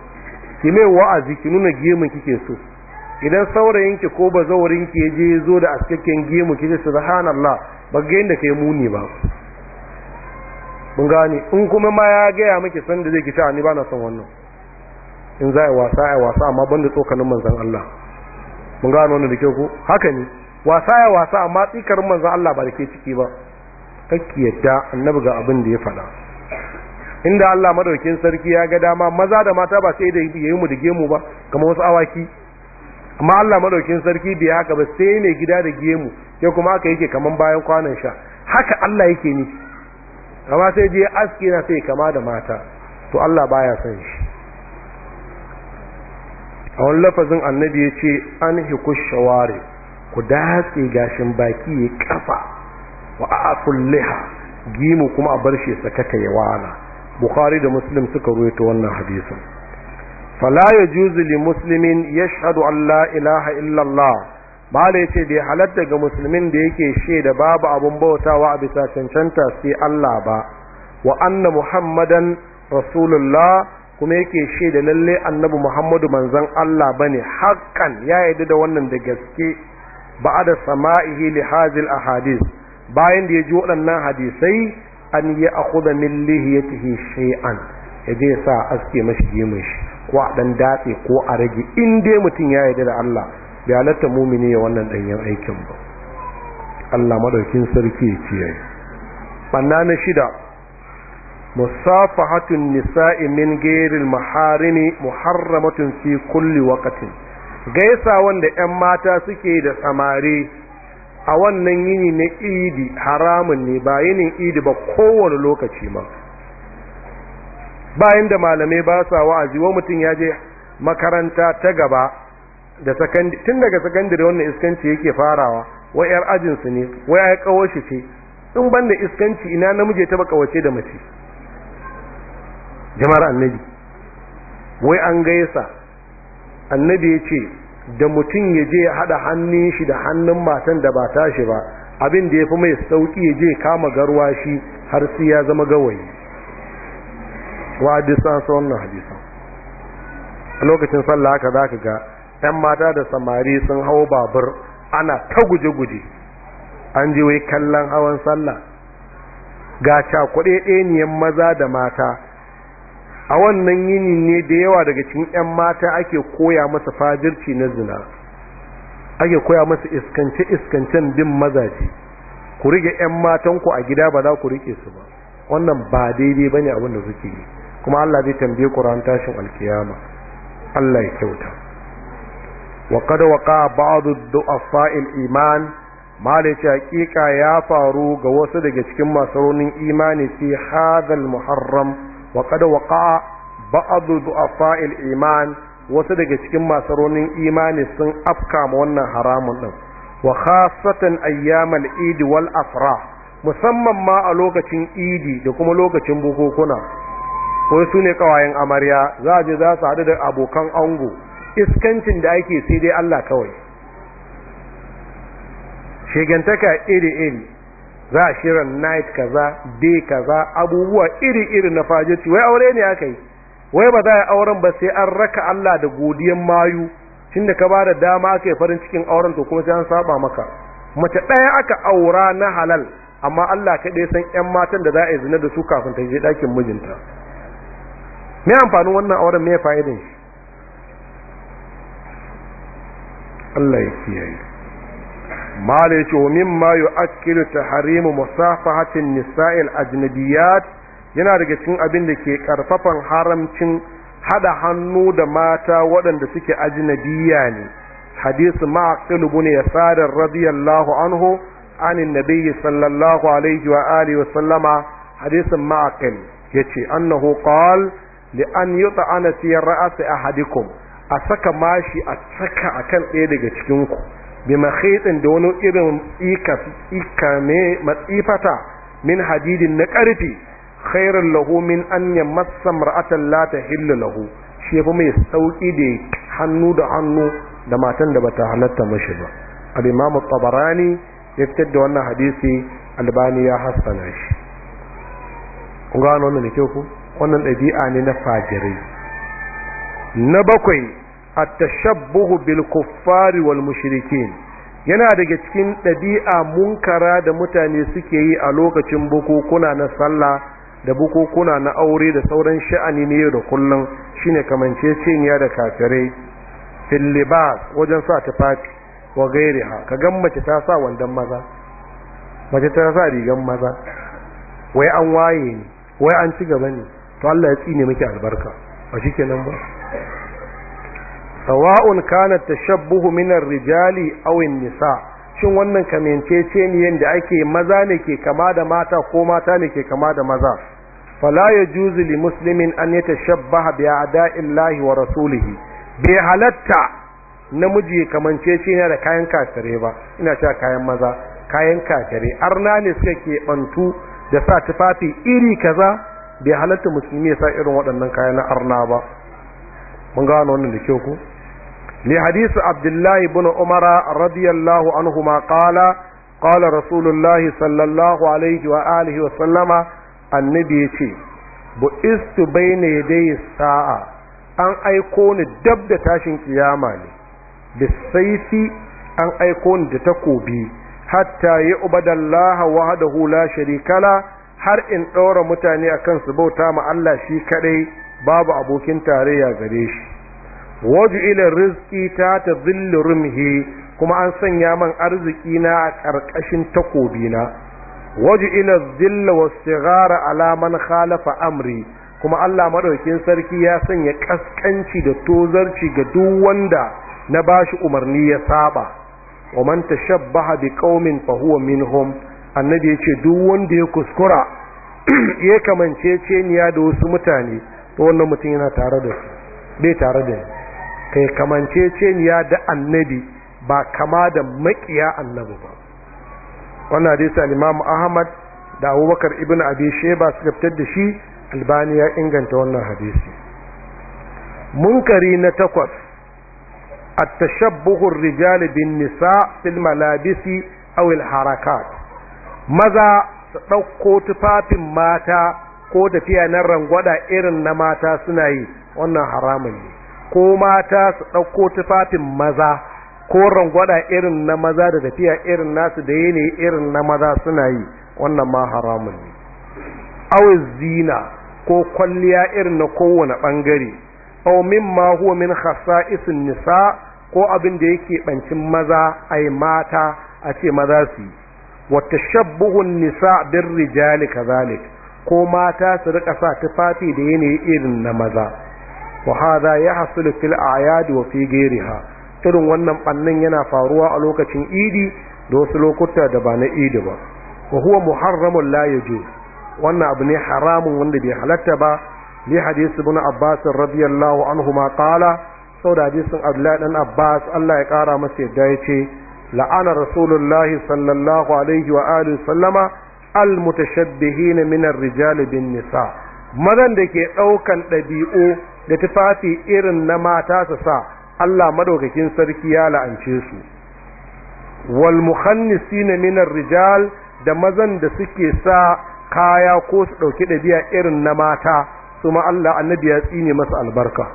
ki mai wa'azi ki nuna gemun kike so idan saurayinki ko bazawarinki ya je ya zo da askakken gemu ki subhanallah ba ga yanda kai muni ba kun gane in kuma ma ya gaya miki san da zai ki ta ni ba na son wannan in za a wasa a wasa amma banda tsokanin manzan Allah mun gane wannan da ke ku haka ne wasa a wasa amma tsikarin manzan Allah ba da ke ciki ba kakki yadda annabi ga abin da ya faɗa inda Allah madaukin sarki ya ga dama maza da mata ba sai da yayi mu da gemu ba kamar wasu awaki amma Allah madaukin sarki bai haka ba sai ne gida da gemu sai kuma haka yake kaman bayan kwanan sha haka Allah yake ni amma sai je aski na sai kama da mata to Allah baya son shi a wani lafazin annabi ya ce an hiku shawari ku datse gashin baki ya kafa wa a kulliha gimu kuma a bar shi sakata ya wala bukhari da muslim suka ruwaito wannan hadisin fala yajuzu li muslimin yashhadu an la ilaha illallah mala ya ce da halatta ga musulmin da yake shaida babu abun bautawa a bisa cancanta sai Allah ba wa anna muhammadan rasulullah kuma yake shaida lalle annabi muhammadu manzon Allah bane haƙƙan ya yarda da wannan da gaske da sama'ihi li hazil ahadith bayan da ya ji waɗannan hadisai an yi a akhudha min lihiyatihi shay'an ya je sa aske mashi gemun shi ko a ɗan datse ko a rage in dai mutum ya yarda da Allah Biyalata halatta mumini ya wannan danyen aikin ba Allah madaukin sarki ya kiyaye banna na shida musafahatun nisa'i min ghairil maharimi muharramatun fi kulli waqtin gaisawan da ƴan mata suke da samari a wannan yini na idi haramun ne ba yinin idi ba kowane lokaci ma bayan da malamai ba sa wa'azi wa mutum ya je makaranta ta gaba da sakandare tun daga sakandare wannan iskanci yake farawa wai yar ajin su ne wai ai kawo ce in banda iskanci ina namiji ta baka wace da mace jama'ar annabi wai an gaisa annabi ya ce da mutum ya je ya haɗa hannun shi da hannun matan da ba tashi ba abin da ya fi mai sauki ya je kama garwa shi har sai ya zama gawayi wa hadisan sa wannan hadisan a lokacin sallah haka za ka ga yan mata da samari sun hau babur ana ta guje-guje an ji wai kallon hawan sallah ga cakuɗe ɗeniyan maza da mata a wannan yini ne da yawa daga cikin 'yan mata ake koya masa fajirci na zina ake koya masa iskance-iskancen bin mazaje ku rike 'yan matanku a gida ba za ku riƙe su ba wannan ba daidai ba ne abin da suke yi kuma allah zai tambaye ku ran tashin alkiyama allah ya kyauta wa kada waka ba'adu du'affa'il iman malai ce ya faru ga wasu daga cikin masu raunin imani fi hadal muharram wa kada waka ba'adu du'affa'il iman wasu daga cikin masu raunin imani sun afka ma wannan haramun din wa khasatan ayyamal idi wal afra musamman ma a lokacin idi da kuma lokacin bukukuna ko sune ne kawayen amarya za a je za su haɗu da abokan ango iskancin da ake sai dai Allah kawai shigantaka iri-iri za a shirin night kaza day kaza abubuwa iri-iri na fajoci wai aure ne aka yi wai ba za a auren ba sai an raka Allah da godiyan mayu tun da ka ba da dama aka yi farin cikin auren to kuma sai an saba maka mace ɗaya aka aura na halal amma Allah ka ɗaya san 'yan matan da za a yi zina da su kafin ta je ɗakin mijinta me amfanin wannan auren me fa'idan shi Allah ya kiyaye mala yace wa mimma yu'akkilu tahrimu musafahatin nisa'il ajnabiyat yana daga cikin abin da ke karfafan haramcin hada hannu da mata waɗanda suke ajnabiya ne hadisi ma'aqil ibn yasar radiyallahu anhu an nabiyyi sallallahu alaihi wa alihi wa sallama hadisin ma'aqil yace annahu qala li an yut'ana fi ra'si ahadikum a saka mashi a saka akan ɗaya daga cikin ku bi makhitin da wani irin ikame matsifata min hadidin na ƙarfi khairun lahu min an ya massa mar'atan la tahillu lahu shi yafi mai sauƙi da hannu da hannu da matan da bata halatta mashi ba al tabarani ya fitar da wannan hadisi albani ya hassana shi kun gano wannan da kyau ku wannan ɗabi'a ne na fajirai na bakwai at-tashabbuhu bil kuffari wal mushrikin yana daga cikin ɗabi'a munkara da mutane suke yi a lokacin bukukuna na sallah da bukukuna na aure da sauran sha'ani ne da kullum shine kamance ya da kafirai fil libas wajen sa ta fati wa gairiha ka gan mace ta sa wandan maza mace ta sa rigan maza wai an waye ne wai an ci gaba ne to Allah ya tsine miki albarka ba shikenan ba sawa'un kana tashabbuhu min ar-rijali aw nisa shin wannan ne da ake maza ne ke kama da mata ko mata ne ke kama da maza fala yajuzu li muslimin an yatashabbaha bi a'da'illahi wa rasulihi bi halatta namiji ya ne da kayan kafire ba ina cewa kayan maza kayan kafire arna ne suka ke bantu da sa tufafi iri kaza bai halatta musulmi ya sa irin waɗannan kayan arna ba mun gano wannan da kyau ko لحديث عبد الله بن عمر رضي الله عنهما قال قال رسول الله wa الله عليه وآله وسلم النبي يتي بئست بين يدي sa'a, an aiko ni dab da tashin kiyama ne da saifi an aiko ni da takobi hatta ya ubadallaha wahdahu la kala, har in ɗora mutane akan su bauta ma Allah shi kadai babu abokin tarayya gare shi waju ila rizki ta ta rumhi kuma an sanya man arziki na a ƙarƙashin takobina na waju ila zilla wa sigara ala man khalafa amri kuma Allah maɗaukin sarki ya sanya ƙasƙanci da tozarci ga duk wanda na bashi umarni ya saba wa man tashabbaha bi qaumin fa huwa minhum annabi yace duk wanda ya kuskura ya kamanceceniya da wasu mutane to wannan mutum yana tare da su bai tare da ni kai kamance kamanceceniya da annabi ba kama da makiya annabi ba wannan hadisi al-imam ahmad da abubakar ibn abi sheba su fitar da shi albani ya inganta wannan hadisi munkari na takwas at-tashabbuhu ar-rijal bin nisa fil malabisi aw al-harakat maza su dauko tufafin mata ko tafiya na rangwada irin na mata suna yi wannan haramun ne ko mata su ɗauko tufafin maza ko rangwada irin na maza da tafiya irin nasu da yene irin na maza suna yi wannan ma haramun ne awi zina ko kwalliya irin na kowane ɓangare aw mimma huwa min khasa'isin nisa ko abin da yake ɓancin maza ai mata a ce maza su yi wa tashabbuhun nisa bin rijali kazalik ko mata su rika sa tufafi da yanayi irin na maza wa ya yahsul fil a'yad wa fi irin wannan bannin yana faruwa a lokacin idi da wasu lokuta da ba na idi ba wa huwa muharramun la wannan abu ne haramun wanda bai halatta ba li hadith ibn abbas radiyallahu anhu ma qala saboda hadisin abdullahi dan abbas Allah ya kara masa yadda yace la'ana rasulullahi sallallahu alaihi wa alihi sallama al mutashabbihin min ar-rijal bin nisa madan da ke daukan dabi'u da tufafi irin na mata su sa Allah madaukakin sarki ya la'ance su wal mukhannisina min rijal da mazan da suke sa kaya ko su dauki ɗabi'a irin na mata su ma Allah annabi ya tsine masa albarka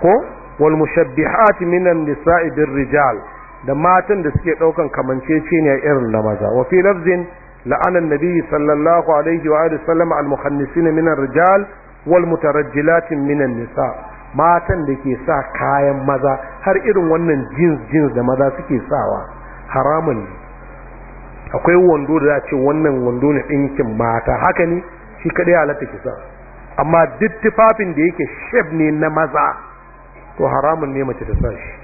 ko wal mushabbihati min nisa'i bir rijal da matan da suke daukan kamanceceniya irin na maza wa fi lafzin la'ana nabi sallallahu alaihi wa alihi sallam al mukhannisina min rijal wal mutarajjilatin minan nisa matan da ke sa kayan maza har irin wannan jeans jeans da maza suke sawa haramun ne akwai wando da za ce wannan wando na ɗinkin mata haka ne shi kaɗai halatta ki sa amma duk tufafin da yake shef ne na maza to haramun ne mace ta sa shi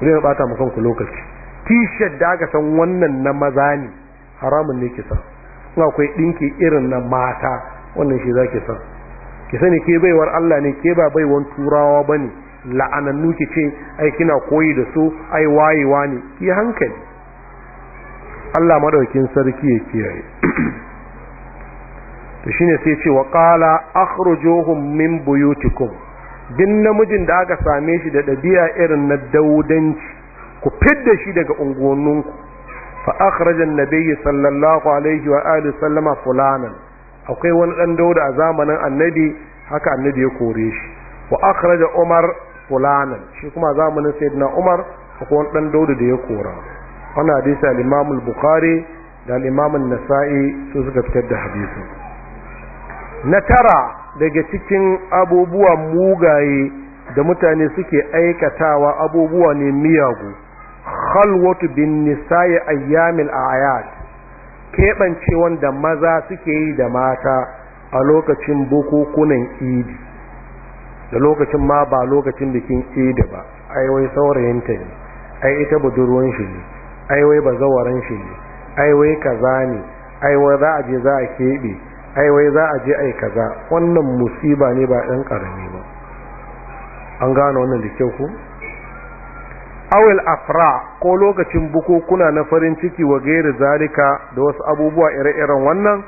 ku zai bata mu kanku lokaci t-shirt da aka san wannan na maza ne haramun ne ke sa akwai ɗinki irin na mata wannan shi za ki san ki sani ke baiwar Allah ne ke ba baiwan turawa ba ne la'anannu ki ce ai kina koyi da su ai wayewa ne ki hankali Allah madaukin sarki ya kiyaye to shine sai ce wa qala akhrujuhum min buyutikum din namijin da aka same shi da dabi'a irin na daudanci ku fidda shi daga unguwanninku fa akhrajan nabiyyi nabiy sallallahu alaihi wa alihi sallama fulanan akwai wani dan dauda a zamanin annabi haka annabi ya kore shi wa akhraja umar fulanan shi kuma zamanin sayyidina umar akwai wani dan dauda da ya kora wannan hadisi al-imam al-bukhari da al-imam an-nasa'i su suka fitar da hadisin na tara daga cikin abubuwan mugaye da mutane suke aikatawa abubuwa ne miyagu khalwatu bin nisa'i ayyamil ayat keɓance wanda maza suke yi da mata a lokacin bukukunan idi da lokacin ma ba lokacin bikin idi ba aiwai saurayinta ne ai ita budurwan shi ne aiwai bazawaran shi ne aiwai kaza ne aiwai za a je za a keɓe aiwai za a je ai kaza wannan musiba ne ba ɗan ƙarami ba an gane wannan da kyau ku awil afra ko lokacin bukukuna na farin ciki wa gairu zalika da wasu abubuwa ire-iren wannan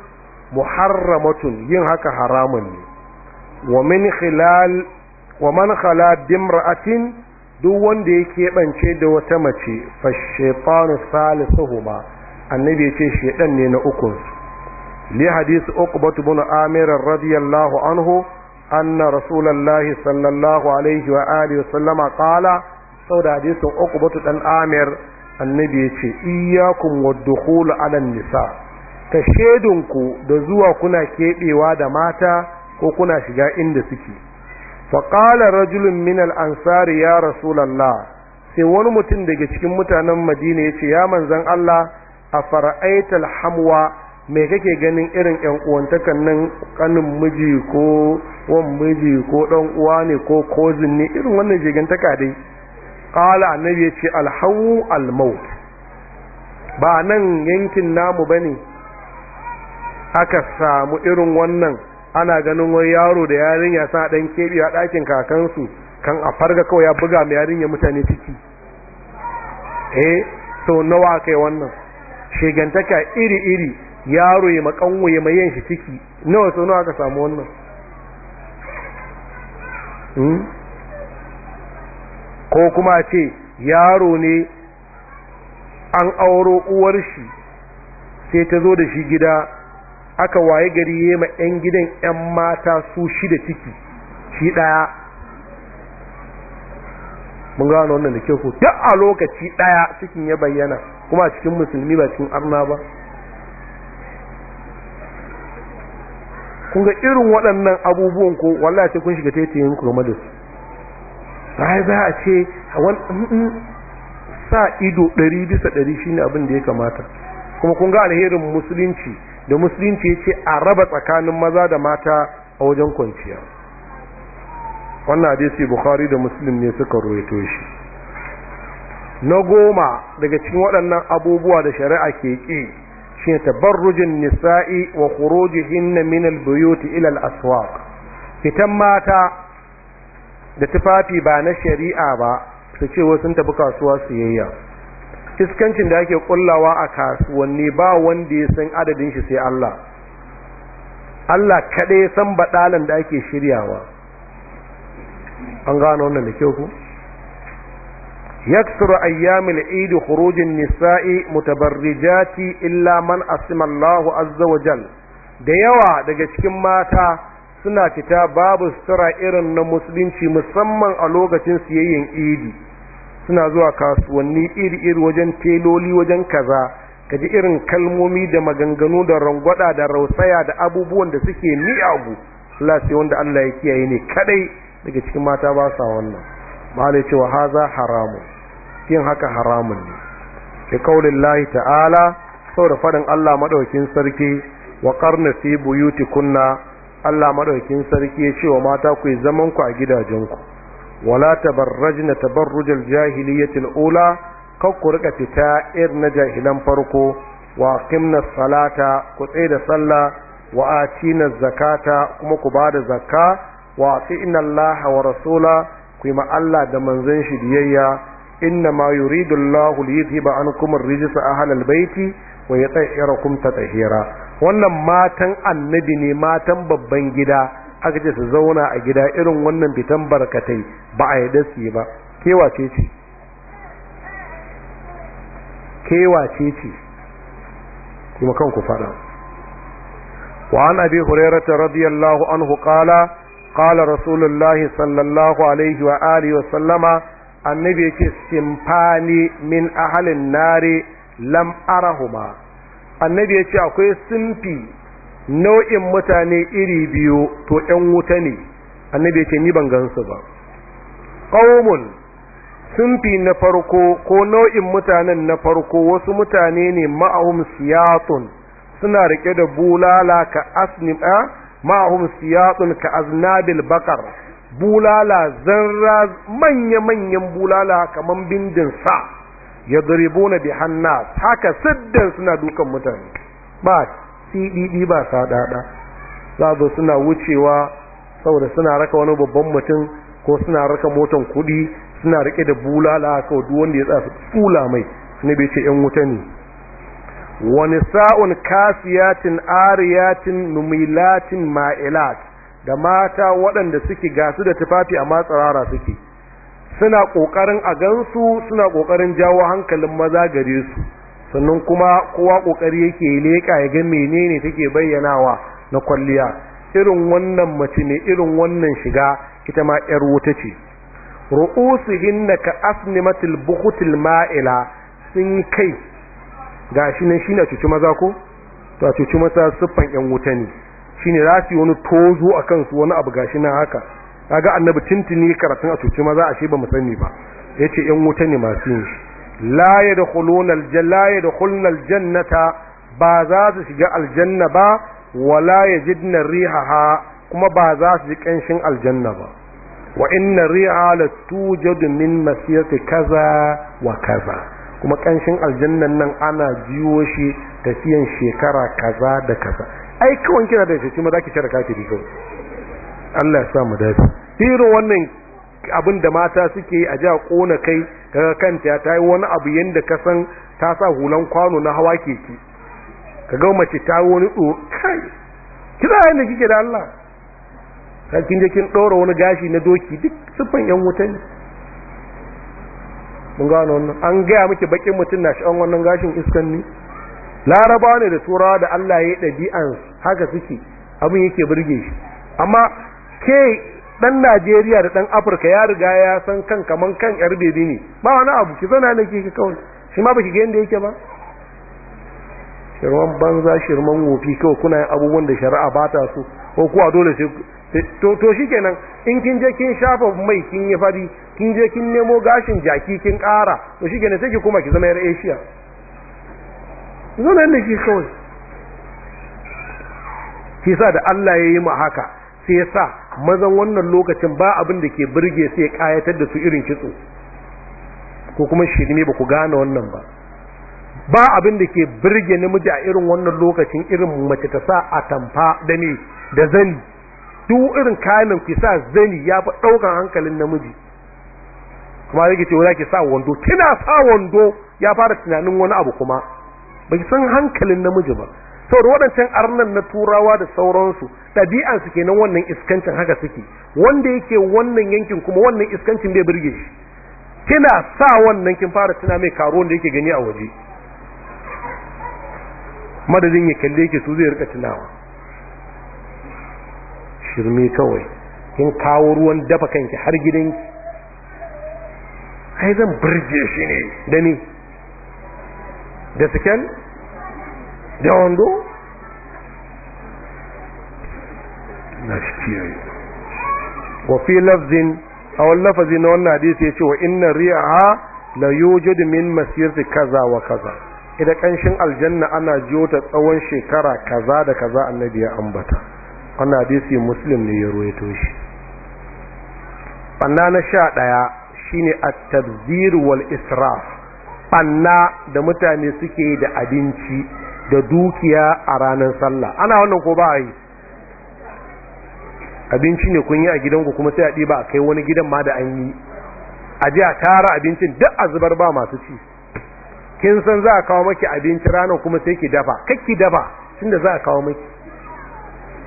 muharramatun yin haka haramun ne wa min khilal wa man khala dimra'atin duk wanda ya keɓance da wata mace fa shaytanu salisuhuma annabi ya yace shedan ne na ukun li hadisi uqbat ibn amir radiyallahu anhu anna rasulullahi sallallahu alaihi wa alihi wa sallama qala saboda hadisin batu dan amir annabi yace iyyakum wadkhul ala nisa ta shedunku da zuwa kuna kebewa da mata ko kuna shiga inda suke fa qala rajulun min al ansari ya rasulullah sai wani mutum daga cikin mutanen madina yace ya manzan Allah a fara'aital hamwa me kake ganin irin yan uwantakan nan kanin miji ko wan miji ko dan uwa ne ko kozin ne irin wannan jigantaka dai ƙala annabi ya ce alhawu almaut ba nan yankin namu bane aka samu irin wannan ana ganin wani yaro da yarinya sa ɗan keɓe a ɗakin kakansu kan a farga kawai ya buga mai yarinya mutane ciki eh so nawa kai wannan shegantaka iri-iri yaro ya makanwo ya mai shi ciki nawa so nawa aka samu wannan hmm? ko kuma ce yaro ne an auro uwar shi sai ta zo da shi gida aka waye gari ya ma 'yan gidan 'yan mata su shida ciki shi ɗaya mun gano wannan da kyau ko duk a lokaci ɗaya cikin ya bayyana kuma cikin musulmi ba cikin arna ba kun ga irin waɗannan abubuwan ko wallahi sai kun shiga taitayen ku game da su ba za a ce mm, mm, sa ido ɗari bisa ɗari shine abin da ya kamata kuma kun ga alherin musulunci da musulunci ya ce a raba tsakanin maza da mata a wajen kwanciya wannan hadisi bukhari da muslim ne suka ruwaito shi na goma daga cikin waɗannan abubuwa da shari'a ke ƙi shine tabarrujin nisa'i wa khurujihinna min al-buyut ila al-aswaq fitan mata da tufafi ba na shari'a ba su ce wasu tafi kasuwa siyayya iskancin da ake kullawa a kasuwanni ba wanda ya san adadin shi sai Allah Allah kaɗai ya san baɗalan da ake shiryawa an gano wannan da kyau ku yaksuru ayyamil eid khurujin nisa'i mutabarrijati illa man asima Allahu azza wa da yawa daga cikin mata suna fita babu sutura irin na musulunci musamman a lokacin siyayyen idi suna zuwa kasuwanni iri-iri wajen teloli wajen kaza kaji irin kalmomi da maganganu da rangwada da rausaya da abubuwan da suke abu Allah sai wanda Allah ya kiyaye ne kadai daga cikin mata ba sa wannan malai cewa haza haramun yin haka haramun ne ke kaulin lahi ta'ala saboda faɗin Allah maɗaukin sarki wa ƙarna fi buyuti kunna Allah maɗaukin sarki ya ce wa mata ku yi zaman ku a gidajenku wala tabarrajna tabarrujal jahiliyatil ula kar ku rika fita ir na jahilan farko wa qimna salata ku tsaye da sallah wa atina zakata kuma ku bada zakka wa atina Allah wa rasula ku ma Allah da manzon shi biyayya inna ma yuridu Allah liyudhiba ankum ar-rijsa ahlal baiti wa yutahhirakum tatahira wannan matan annabi ne matan babban gida aka ce su zauna a gida irin wannan fitan barkatai ba a yi dasi ba kewa ce kewace ce kuma kan ku fada wa an abi hurairata radiyallahu anhu qala qala rasulullah sallallahu alaihi wa alihi wa sallama annabi yake simfani min ahalin nari lam arahuma annabi ya ce akwai sunfi nau'in mutane iri biyu to ‘yan wuta ne annabi ya ce ni ban gansu ba ƙaumun sunfi na farko ko nau'in mutanen na farko wasu mutane ne ma'ahum siyatun suna rike da bulala ka asnim a eh, ma'ahum siyatun ka aznabil bakar bulala zarra manya-manyan bulala kamar bindin sa yadribuna bi hanna haka siddan suna dukan mutane ba cdd ba sadada za zo suna wucewa saboda suna raka wani babban mutum ko suna raka motan kudi suna rike da bulala ko duk wanda ya tsaya tsula mai ne bai ce yan wuta ne wani sa'un kasiyatin ariyatin numilatin ma'ilat da mata waɗanda suke gasu da tufafi a tsarara suke suna ƙoƙarin a gansu suna ƙoƙarin jawo hankalin maza gare su sannan kuma kowa ƙoƙari yake leƙa ya ga menene take bayyanawa na kwalliya irin wannan mace ne irin wannan shiga ita ma 'yar wuta ce da ka asnimatul buhutil ma'ila sun kai gashi nan shine cuci maza ko to a cuci maza siffan 'yan wuta ne shine za su yi wani tozo a kansu wani abu gashi nan haka kaga annabi tintini karatun a cuci maza shi ba mu sani ba yace yan wuta ne masu yin shi la yadkhuluna aljanna la yadkhuluna aljannata ba za su shiga aljanna ba wala yajidna rihaha kuma ba za su ji kanshin aljanna ba wa inna riha la tujad min masiyati kaza wa kaza kuma kanshin aljannan nan ana jiwo shi tafiyan shekara kaza da kaza ai kawai kina da shi ma zaki cire kafiri kawai Allah ya sa mu dace irin wannan abin da mata suke a ja kona kai kaga kanta ta yi wani abu yanda ka san ta sa hulan kwano na hawa keke kaga mace ta yi wani tsoro kai kira yanda kike da Allah ka kin je kin dora wani gashi na doki duk siffan yan wuta ne mun gano wannan an gaya miki bakin mutum na an wannan gashin iskan ne laraba ne da turawa da Allah ya yi ɗabi'an haka suke abin yake burge shi amma ke dan Najeriya da dan Afirka ya riga ya san kan kaman kan yar bebe ne ba wani abu ki zana ne ki kawai shi ma baki ga yanda yake ba shirman banza shirman wofi kawai kuna yin abubuwan da shari'a ba ta so ko kuwa dole sai to to shikenan in kin je kin shafa mai kin yi fari kin je kin nemo gashin jaki kin ƙara to shikenan sai ki kuma ki zama yar Asia zana ne ki kawai kisa da Allah ya yi mu haka sai ya sa mazan wannan lokacin ba abin da ke birge sai ya kayatar da su irin kitso ko kuma shirme ba ku gane wannan ba ba abin da ke birge namiji a irin wannan lokacin irin mace ta sa a tamfa da ne da zani duk irin kayan ki sa zani ya fi ɗaukan hankalin namiji kuma zai ce za ki sa wando kina sa wando ya fara tunanin wani abu kuma ba san hankalin namiji ba da waɗancan arnan na turawa da sauransu ɗabi'ansu kenan wannan iskancin haka suke wanda yake wannan yankin kuma wannan iskancin bai birge shi kina sa wannan kin fara tuna mai karo wanda yake gani a waje madadin ya kalle yake su zai rika tunawa shirme kawai kin kawo ruwan dafa kanki har gidanki ai zan birge shi ne da ni da siken de wando na shi wa fi lafzin a wani lafazi na wannan hadisi ya ce wa inna ri'a la yujud min masirti kaza wa kaza ida kanshin aljanna ana jiyo ta tsawon shekara kaza da kaza annabi ya ambata wannan hadisi muslim ne ya ruwaito shi banna na sha ɗaya shine at tadbir wal israf banna da mutane suke da abinci da dukiya a ranar sallah ana wannan ko ba a yi abinci ne kun yi a gidanku kuma sai a ɗiba a kai wani gidan ma da an yi a ji a tara abincin duk a zubar ba masu ci kin san za a kawo maki abinci ranar kuma sai ki dafa kakki dafa tun da za a kawo maki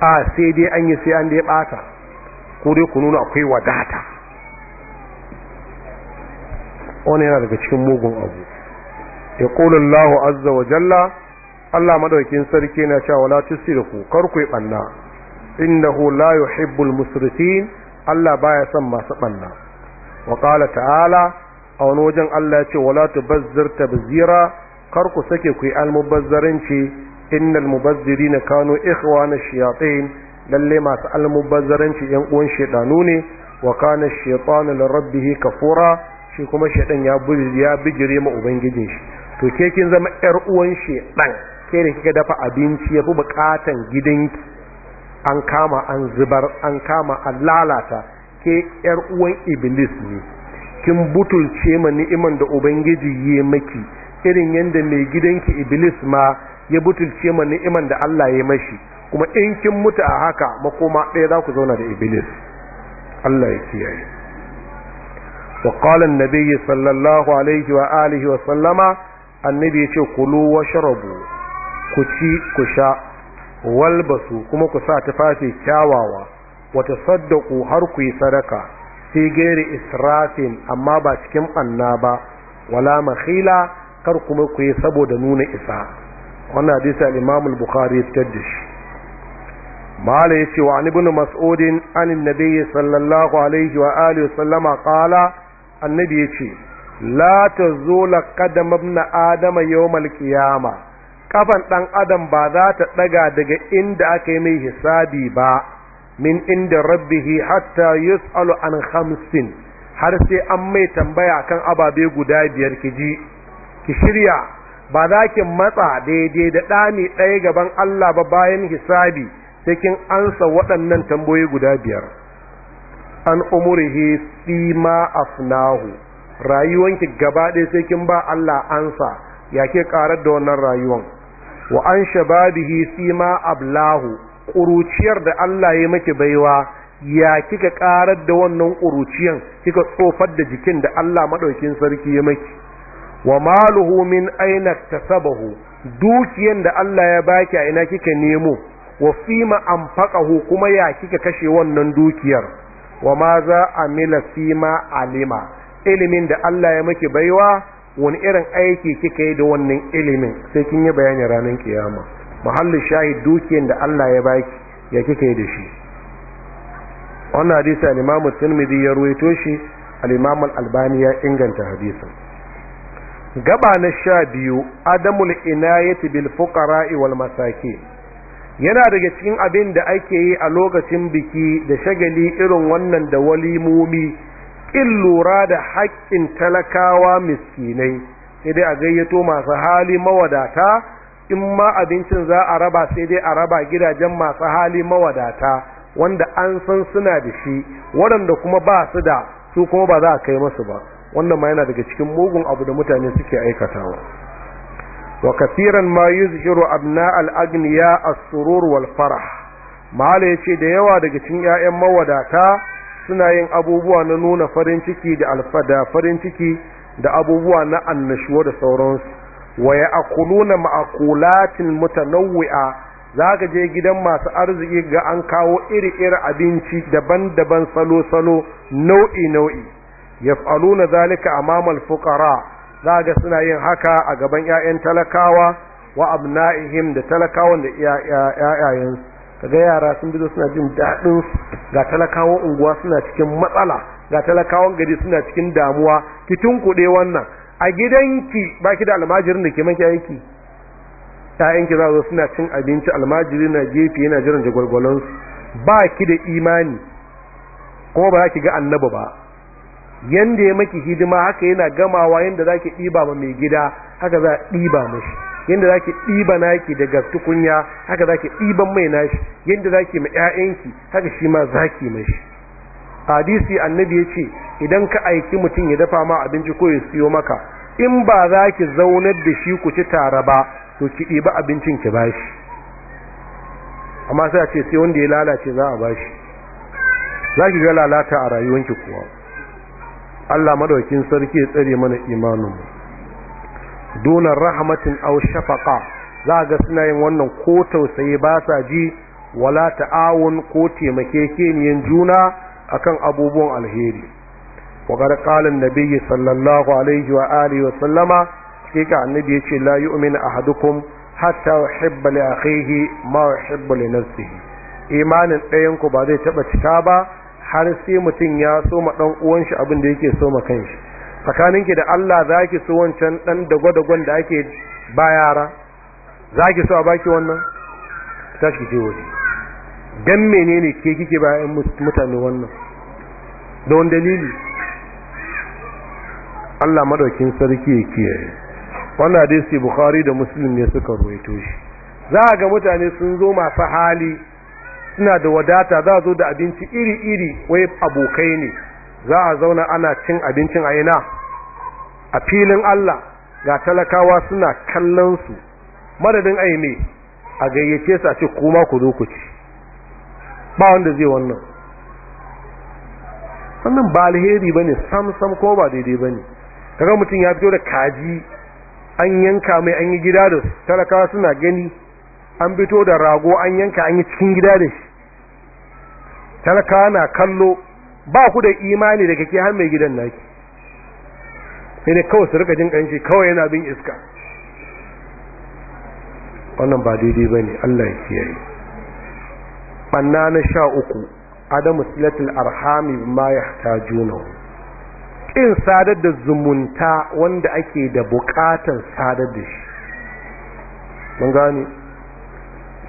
a sai dai an yi sai an dai ɓata ko dai ku nuna akwai wadata wani yana daga cikin mugun abu ya ƙolin azza wa jalla Allah madaukin sarki na cewa wala tusrifu kar ku banna innahu la yuhibbul musrifin Allah baya son masu banna wa qala ta'ala a wani wajen Allah ya ce wala tubazzir tabzira kar ku sake ku yi almubazzaranci innal mubazzirina kanu ikhwana shayatin lalle masu almubazzaranci yan uwan shedanu ne wa kana shaytanu lirabbih kafura shi kuma shedan ya bijire ma ubangijin shi to ke kin zama yar uwan shedan kai ne kika dafa abinci ya fi bukatan gidanki an kama an zubar an kama an lalata ke yar uwan iblis ne kin butulce ma ni'iman da ubangiji ya maki irin yadda mai gidanki iblis ma ya butulce ma ni'iman da Allah ya mashi kuma in kin mutu a haka makoma ɗaya za ku zauna da iblis Allah ya kiyaye wa qala an-nabiy sallallahu alaihi wa alihi wa sallama annabi yace kulu sharabu ku ci ku sha walbasu kuma ku sa tufafi kyawawa wata saddaku har ku yi sadaka fi gairi israfin amma ba cikin anna ba wala makhila kar kuma ku yi saboda nuna isa wannan hadisi al-imam al-bukhari ya fitar da shi yace wa ibn mas'ud an annabi sallallahu alaihi wa alihi wa sallama qala annabi ce la tazula qadama ibn adama yawm al-qiyamah kafan ɗan adam ba za ta ɗaga daga inda aka yi mai hisabi ba min inda rabbihi hatta yus'alu an hamsin har sai an mai tambaya kan ababe guda biyar ki ji ki shirya ba za ki matsa daidai da ɗani ɗaya gaban Allah ba bayan hisabi sai kin ansa waɗannan tambayoyi guda biyar an umurihi sima afnahu rayuwanki gaba ɗaya sai kin ba Allah ansa ya ke ƙarar da wannan rayuwan wa an shababihi sima ablahu ƙuruciyar da Allah ya miki baiwa ya kika ƙarar da wannan ƙuruciyan kika tsofar da jikin da Allah maɗaukin sarki ya miki wa maluhu min aina tasabahu dukiyan da Allah ya baki a ina kika nemo wa fima anfaqahu kuma ya kika kashe wannan dukiyar wa ma za amila fima alima ilimin da Allah ya miki baiwa wani irin aiki kika yi da wannan ilimin sai kin yi bayani ranar kiyama mahallin shahid dukiyar da Allah ya baki ya kika yi da shi wannan hadisi al-Imam Tirmidhi ya ruwaito shi al-Imam Al-Albani ya inganta hadisin gaba na sha biyu adamul inayati bil fuqara wal masaki, yana daga cikin abin da ake yi a lokacin biki da shagali irin wannan da walimomi In lura da haƙƙin talakawa miskinai sai dai a gayyato masu hali mawadata in ma abincin za a raba sai dai a raba gidajen masu hali mawadata wanda an san suna da shi waɗanda kuma ba su da su kuma ba za a kai masu ba wannan ma yana daga cikin mugun abu da mutane suke aikatawa wa kasiran ma yuzhiru abna al-aghniya as-surur wal farah mala yace da yawa daga cikin 'ya'yan mawadata suna yin abubuwa na nuna farin ciki da alfada farin ciki da abubuwa na annashuwa da sauransu wa ya'kuluna ma'kulatin mutanawwi'a zaka je gidan masu arziki ga an kawo iri-iri abinci daban-daban salo-salo nau'i-nau'i yaf'aluna zalika amama al-fuqara zaka suna yin haka a gaban 'ya'yan talakawa wa abna'ihim da talakawa da 'ya'yansu kaga yara sun gizo suna jin daɗin ga talakawan unguwa suna cikin matsala ga talakawan gari suna cikin damuwa ki tunkuɗe wannan a gidanki ba ki da almajirin da ke manki aiki ƴaƴanki za zo suna cin abinci almajiri na gefe yana jiran jagwalgwalon ba ki da imani ko ba za ki ga annabi ba yanda ya maki hidima haka yana gamawa yanda za ki ɗiba ma mai gida haka za a ɗiba mashi yadda za ki ɗiba naki daga tukunya haka za ki ɗiban mai nashi yadda za ki ma 'ya'yanki haka shi ma za ki mashi hadisi annabi ya ce idan ka aiki mutum ya dafa ma abinci ko ya siyo maka in ba za ki zaunar da shi ku ci tare ba to ki ɗiba abincin ki ba shi amma sai a ce sai wanda ya lalace za a ba shi za ki ga lalata a rayuwanki kuwa Allah madaukin sarki ya tsare mana imanin mu Dunan rahmatin aw shafaqa za ga suna yin wannan ko tausayi ba sa ji wala ta'awun ko taimakekeniyan juna akan abubuwan alheri wa gar qala an sallallahu alaihi wa alihi wa sallama kika annabi yace la yu'minu ahadukum hatta yuhibba li akhihi ma yuhibbu li nafsihi imanin ɗayan ku ba zai taba cika ba har sai mutum ya so ma dan uwan shi abin da yake so ma kanshi tsakaninki da Allah za ki so wancan ɗan dagwadagwan da ake ba yara za ki so a baki wannan ta shi ce waje don menene ke kike bayan mutane wannan don dalili Allah madaukin sarki ya kiyaye wannan hadisi Bukhari da Muslim ne suka ruwaito shi za a ga mutane sun zo masu hali suna da wadata za zo da abinci iri-iri wai abokai ne za a zauna ana cin abincin aina a filin Allah ga talakawa suna kallon su madadin aini a gayyace su a ce kuma ku zo ku ci ba wanda zai wannan wannan ba alheri bane sam sam ko ba daidai bane kaga mutum ya fito da kaji an yanka mai an yi gida da talakawa suna gani an fito da rago an yanka an yi cikin gida da shi talakawa na kallo ba ku da imani daga ke har mai gidan naki sai dai kawai su rika jin kanshi kawai yana bin iska wannan ba daidai ba ne allah ya kiyaye ɓanna na sha uku adamu silatul arhami ma ya ta juna ƙin sadar da zumunta wanda ake da buƙatar sadar da shi mun gane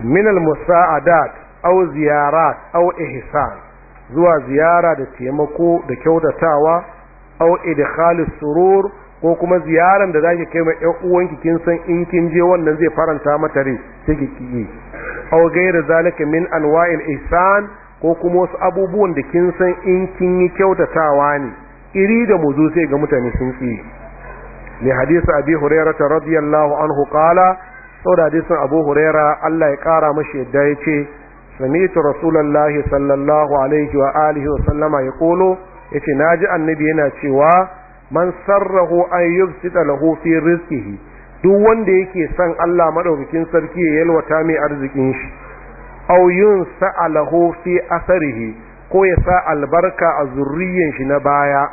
min al-musa'adat aw ziyarat aw ihsan zuwa ziyara da taimako da kyautatawa au idkhalis surur ko kuma ziyaran da zaki kai ma ƴan uwanki kin san in kin je wannan zai faranta mata rai sai ki yi au gairu zalika min anwa'il ihsan ko kuma wasu abubuwan da kin san in kin yi kyautatawa ne iri da muzu sai ga mutane sun tsi ne hadisi abi hurairah radiyallahu anhu qala saboda hadisin abu huraira Allah ya kara mashi yadda ya ce. سمعت رسول الله صلى الله عليه وآله وسلم يقول yace naji annabi yana cewa man sarrahu an yubsita lahu fi rizqihi duk wanda yake son Allah maɗaukin sarki ya yalwata mai arzikin shi Auyun yunsa lahu fi asarihi ko ya sa albarka a zurriyan shi na baya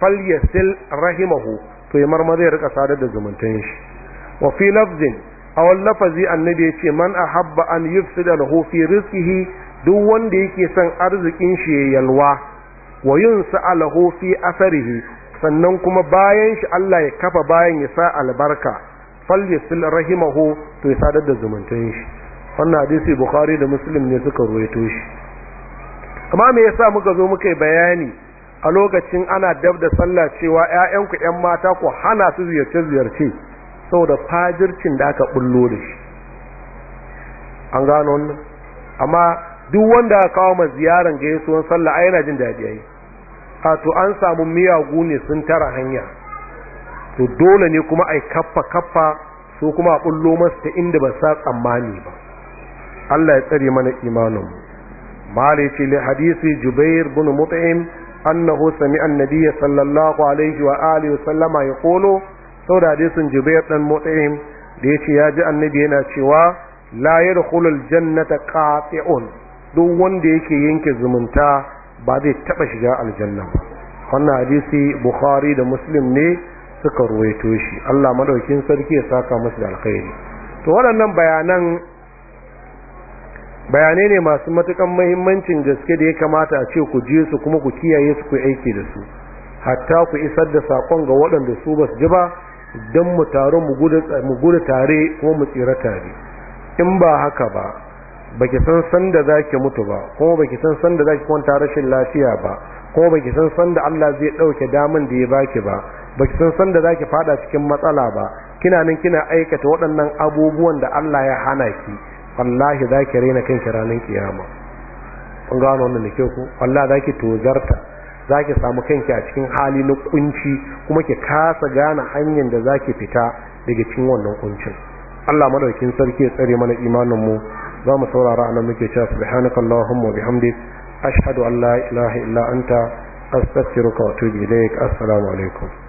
falyasil rahimahu to ya marmaza ya rika sadar da zumuntan shi wa fi lafzin a wani lafazi annabi ya ce man habba an yufsida lahu fi rizqihi duk wanda yake son arzikin shi ya yalwa wa a lahofi fi asarihi sannan kuma bayan shi Allah ya kafa bayan ya sa albarka falyasil rahimahu to ya sadar da zumuntan shi wannan hadisi bukhari da muslim ne suka ruwaito shi amma me yasa muka zo muka yi bayani a lokacin ana dab da sallah cewa ƴaƴanku ƴan mata ku hana su ziyarce ziyarce saboda fajircin da aka bullo da shi an gano wannan amma duk wanda aka kawo ma ziyaran ga yaso sallah a yana jin dadi ai a to an samu miyagu ne sun tara hanya to dole ne kuma ai kaffa kaffa so kuma a bullo masu ta inda ba sa tsammani ba Allah ya tsare mana imanin mu mali ce li hadisi jubair bin mut'im annahu sami'a an sallallahu alaihi wa alihi wa sallama yaqulu saboda hadisin jubair dan motsayin da ya ce ya ji annabi yana cewa la yadkhulul jannata qati'un duk wanda yake yanke zumunta ba zai taba shiga aljanna ba wannan hadisi bukhari da muslim ne suka ruwaito shi Allah madaukin sarki ya saka musu da alkhairi to waɗannan bayanan bayanai ne masu matukan mahimmancin gaske da ya kamata a ce ku je su kuma ku kiyaye su ku aiki da su hatta ku isar da saƙon ga waɗanda su basu ji ba don mu taro mu gudu tare ko mu tsira tare in ba haka ba baki san sanda zaki mutu ba kuma baki san sanda zaki kwanta rashin lafiya ba kuma baki san sanda Allah zai ɗauke damin da ya baki ba baki san sanda zaki fada cikin matsala ba kina nan kina aikata waɗannan abubuwan da Allah ya hana ki wallahi zaki raina kanki ranar kiyama kun gano wannan da kyau ku wallahi zaki tozarta za ki samu kanki a cikin hali na kunci kuma ki kasa gane hanyar da za ki fita daga cikin wannan kuncin Allah madaukin sarki ya tsare mana imanin mu za mu saurara anan muke cewa subhanaka allahumma bihamdik ashhadu an la ilaha illa anta astaghfiruka wa atubu ilaik assalamu alaikum